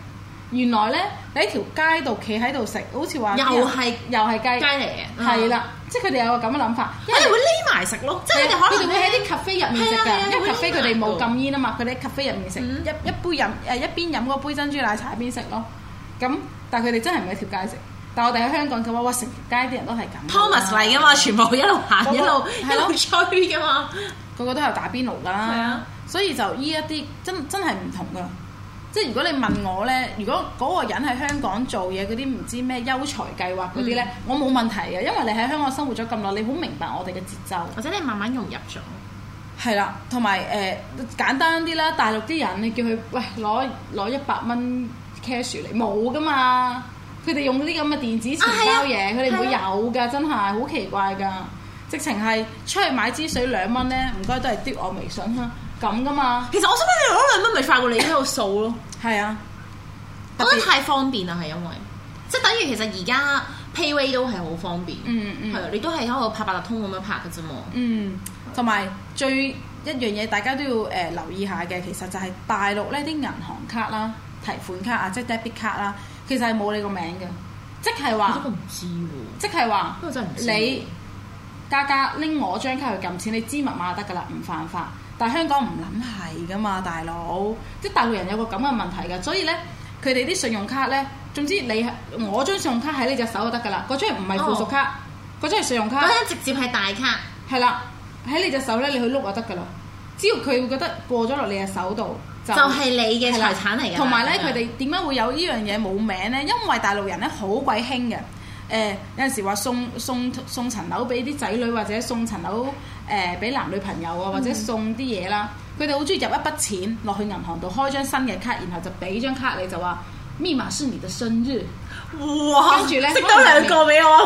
原來咧你喺條街度企喺度食，好似話又係又係雞雞嚟嘅，係啦，即係佢哋有個咁嘅諗法，佢哋會匿埋食咯，即係佢哋可能佢哋會喺啲 cafe 入面食㗎，因為 cafe 佢哋冇禁煙啊嘛，佢哋喺 cafe 入面食一一杯飲誒一邊飲嗰杯珍珠奶茶一邊食咯，咁但係佢哋真係唔喺條街食，但係我哋喺香港嘅話，哇，成條街啲人都係咁，Thomas 嚟㗎嘛，全部一路行一路一路吹㗎嘛，個個都有打邊爐啦。所以就依一啲真真係唔同噶，即係如果你問我呢，如果嗰個人喺香港做嘢嗰啲唔知咩優才計劃嗰啲呢，嗯、我冇問題嘅，因為你喺香港生活咗咁耐，你好明白我哋嘅節奏，或者你慢慢融入咗，係啦，同埋誒簡單啲啦。大陸啲人你叫佢喂，攞攞一百蚊 cash 嚟冇噶嘛，佢哋用嗰啲咁嘅電子錢包嘢，佢哋唔會有噶，了真係好奇怪噶，直情係出去買支水兩蚊呢，唔該都係嘟我微信啦。咁噶嘛？其實我想問你攞兩蚊，咪快過你喺度掃咯。係 [coughs] 啊，別覺得太方便啦，係因為即係等於其實而家 PayWay 都係好方便，係、嗯嗯、啊，你都係喺度拍八達通咁樣拍嘅啫。嗯，同埋是最一樣嘢，大家都要誒、呃、留意下嘅，其實就係大陸呢啲銀行卡啦、提款卡啊，即係 debit 卡啦，其實係冇你個名嘅，即係話都唔知喎、啊，即係話、啊、你家格拎我張卡去撳錢，你知密碼得噶啦，唔犯，犯法。但香港唔諗係㗎嘛，大佬，即係大陸人有個咁嘅問題嘅，所以咧，佢哋啲信用卡咧，總之你，我張信用卡喺你隻手就得㗎啦，嗰張唔係附屬卡，嗰、哦、張係信用卡。嗰張直接係大卡。係啦，喺你隻手咧，你去碌就得㗎啦。只要佢會覺得過咗落你隻手度，就係你嘅財產嚟嘅。同埋咧，佢哋點解會有呢樣嘢冇名咧？因為大陸人咧好鬼興嘅。誒、呃、有陣時話送送送層樓俾啲仔女，或者送層樓誒俾、呃、男女朋友啊，或者送啲嘢啦，佢哋好中意入一筆錢落去銀行度開張新嘅卡，然後就俾張卡你，就話密碼是你嘅生日，哇！跟住咧積多兩個俾我，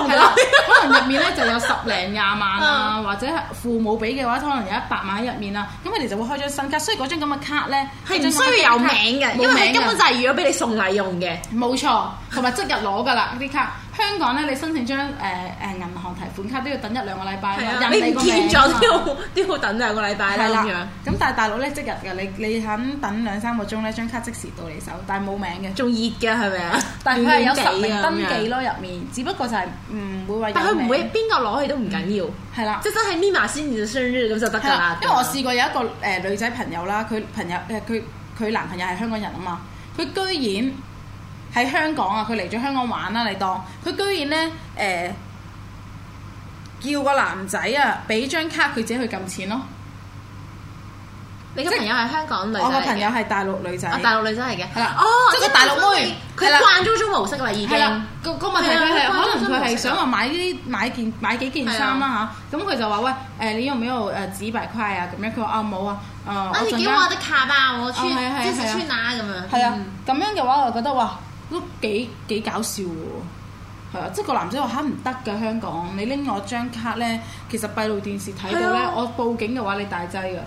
可能入面咧 [laughs] 就有十零廿萬啊， [laughs] 或者父母俾嘅話，可能有一百萬喺入面啦。咁佢哋就會開張新卡，所以嗰張咁嘅卡咧係需要有名嘅，因為佢根本就係如果俾你送禮用嘅，冇錯，同埋即日攞噶啦啲卡。香港咧，你申請張誒誒銀行提款卡都要等一兩個禮拜、啊、人哋你個名都，都要等兩個禮拜啦咁、嗯、但係大陸咧即日嘅，你你肯等兩三個鐘咧，張卡即時到你手，但係冇名嘅。仲熱嘅係咪啊？ [laughs] 但係有實名登記咯入、嗯、面，只不過就係唔會話。但佢唔會邊個攞去都唔緊要，係、嗯、啦。即真係密碼先就信咁就得㗎。因為我試過有一個誒女仔朋友啦，佢朋友誒佢佢男朋友係香港人啊嘛，佢居然、嗯。喺香港啊，佢嚟咗香港玩啦，你當佢居然咧誒、呃、叫個男仔啊，俾張卡佢自己去撳錢咯。你個朋友係香港女、 [music] 就是？我個朋友係大陸女仔、哦。大陸女仔係嘅。係啦。哦，即係啲大陸妹，佢慣咗種模式啦已經。係啦了。個個問題佢係可能佢係想話買呢啲買件買幾件衫啦吓，咁佢了、嗯嗯、就話喂誒，你用唔用誒紙幣攪啊？咁樣佢話啊冇啊啊。你、呃、俾、哎、我啲卡吧，我穿，即、啊、是，是，是，是穿哪咁樣。係、嗯、啊，咁樣嘅話我就覺得、啊、是是嘩。都幾幾搞笑喎，係啊，即、那、係個男仔話嚇唔得㗎香港，你拎我張卡咧，其實閉路電視睇到咧，的我報警嘅話你大劑㗎，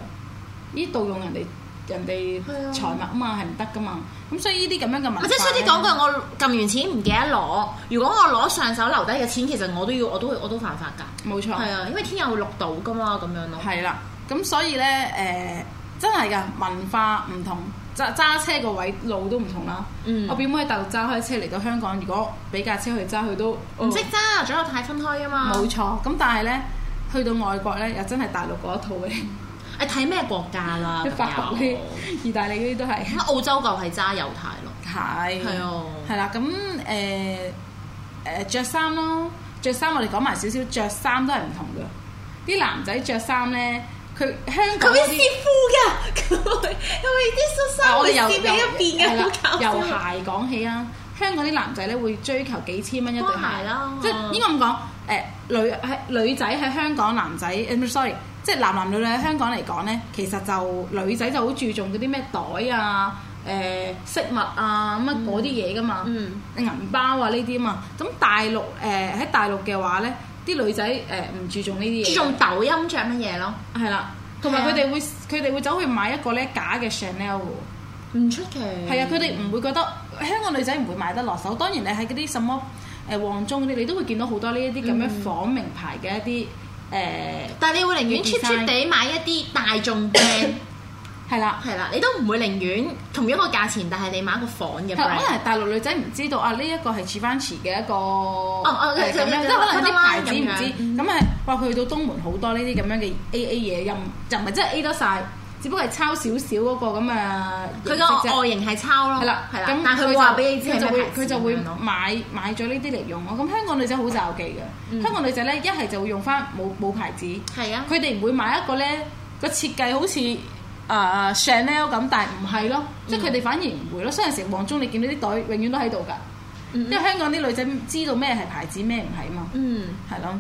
呢度用人哋的人哋財物啊嘛係唔得㗎嘛，咁所以呢啲咁樣嘅文化，即係出啲講句，我撳完錢唔記得攞，如果我攞上手留低嘅錢，其實我都要我都會我都犯法㗎，冇錯，係啊，因為天眼會錄到㗎嘛咁樣咯，係啦，咁所以咧誒、呃、真係㗎文化唔同。揸揸車個位路都唔同啦。嗯、我表妹喺大陸揸開車嚟到香港，如果俾架車去揸，佢都唔識揸，仲、哦、有太分開啊嘛。冇錯，咁但係咧，去到外國咧，又真係大陸嗰一套嘅。誒睇咩國家啦、啊，法國啲、啊、意大利嗰啲都係。澳洲就係揸油太咯。係。係哦。係啦，咁誒誒著衫咯，着衫我哋講埋少少，着衫都係唔同㗎。啲男仔着衫咧。佢香港嗰啲，佢會㗎，佢佢啲叔叔會師喺一邊嘅，好搞笑。由鞋講起啊，香港啲男仔咧會追求幾千蚊一對鞋咯，鞋嗯、即係應該咁講，誒、呃、女係女仔喺香港男，男、呃、仔 sorry，即係男男女女喺香港嚟講咧，其實就女仔就好注重嗰啲咩袋啊、誒、呃、飾物啊乜嗰啲嘢㗎嘛，嗯嗯、銀包啊呢啲啊嘛，咁大陸誒、呃、喺大陸嘅、呃、話咧。啲女仔誒唔注重呢啲嘢，注重抖音着乜嘢咯？係啦，同埋佢哋會佢哋是、啊、會走去買一個咧假嘅 Chanel 喎，唔出奇。係啊，佢哋唔會覺得香港女仔唔會買得落手。當然你喺嗰啲什麼誒旺中嗰啲，你都會見到好多呢一啲咁樣仿名牌嘅一啲誒。嗯、但係你會寧願 cheap cheap 地買一啲大眾嘅。 [coughs] 係啦，係啦，你都唔會寧願同一個價錢，但係你買一個仿嘅。可能係大陸女仔唔知道啊，呢一個係似翻似嘅一個，即係可能啲牌子唔知咁啊。哇！佢去到東門好多呢啲咁樣嘅 A A 嘢，又又唔係真 A 得晒，只不過係抄少少嗰個咁啊。佢個外形係抄咯，係啦，係啦。但佢話俾你知，佢就會佢就會買買咗呢啲嚟用咯。咁香港女仔好造忌嘅，香港女仔咧一係就會用翻冇冇牌子。係啊，佢哋唔會買一個咧個設計好似。啊啊、uh，Chanel 咁，但係唔係咯，即係佢哋反而唔會咯。所以有時黃忠，中你見到啲袋永遠都喺度㗎，mm. 因為香港啲女仔知道咩係牌子，咩唔係啊嘛。嗯，係咯。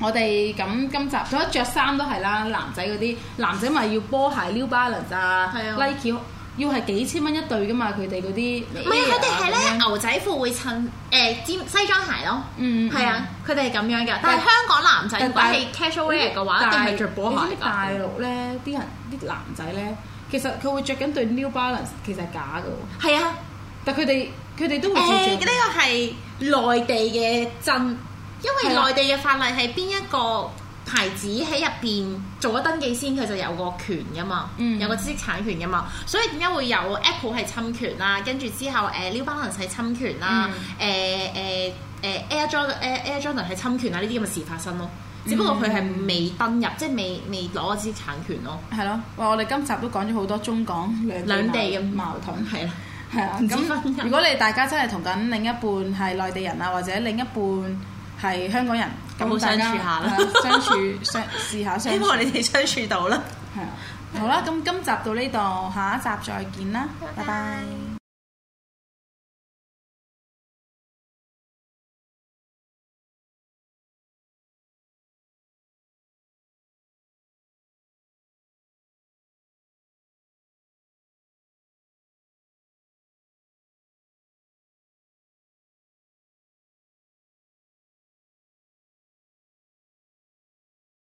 我哋咁今集，除咗着衫都係啦，男仔嗰啲男仔咪要波鞋、New Balance 啊，Nike。Yeah. like it, 要係幾千蚊一對噶嘛？佢哋嗰啲，唔係佢哋係咧牛仔褲會襯誒尖西裝鞋咯、嗯，嗯，係啊，佢哋係咁樣嘅。但係香港男仔如果係 casual wear 嘅話，一定係著波鞋。但係大陸咧啲人啲男仔咧，其實佢會着緊對 New Balance，其實係假嘅喎。係啊，但佢哋佢哋都會誒呢、欸呢個係內地嘅真，因為內地嘅法例係邊一個？牌子喺入邊做咗登記先，佢就有個權噶嘛，有個知識產權噶嘛，嗯、所以點解會有 Apple 係侵權啦？跟住之後誒，n 班人係侵權啦，誒誒誒 AirDrop AirDrop 係侵權啦，呢啲咁嘅事發生咯，只不過佢係未登入，嗯、即係未未攞知識產權咯。係咯、嗯，哇！我哋今集都講咗好多中港兩兩地嘅矛盾，係啦，係啊、嗯。咁如果你大家真係同緊另一半係內地人啊，或者另一半。，係香港人，咁好相處下啦，相處 [laughs] 相試下相，希望你哋相處到啦。係啊的， [laughs] 好啦，咁今集到呢度，下一集再見啦，拜拜 bye。Bye bye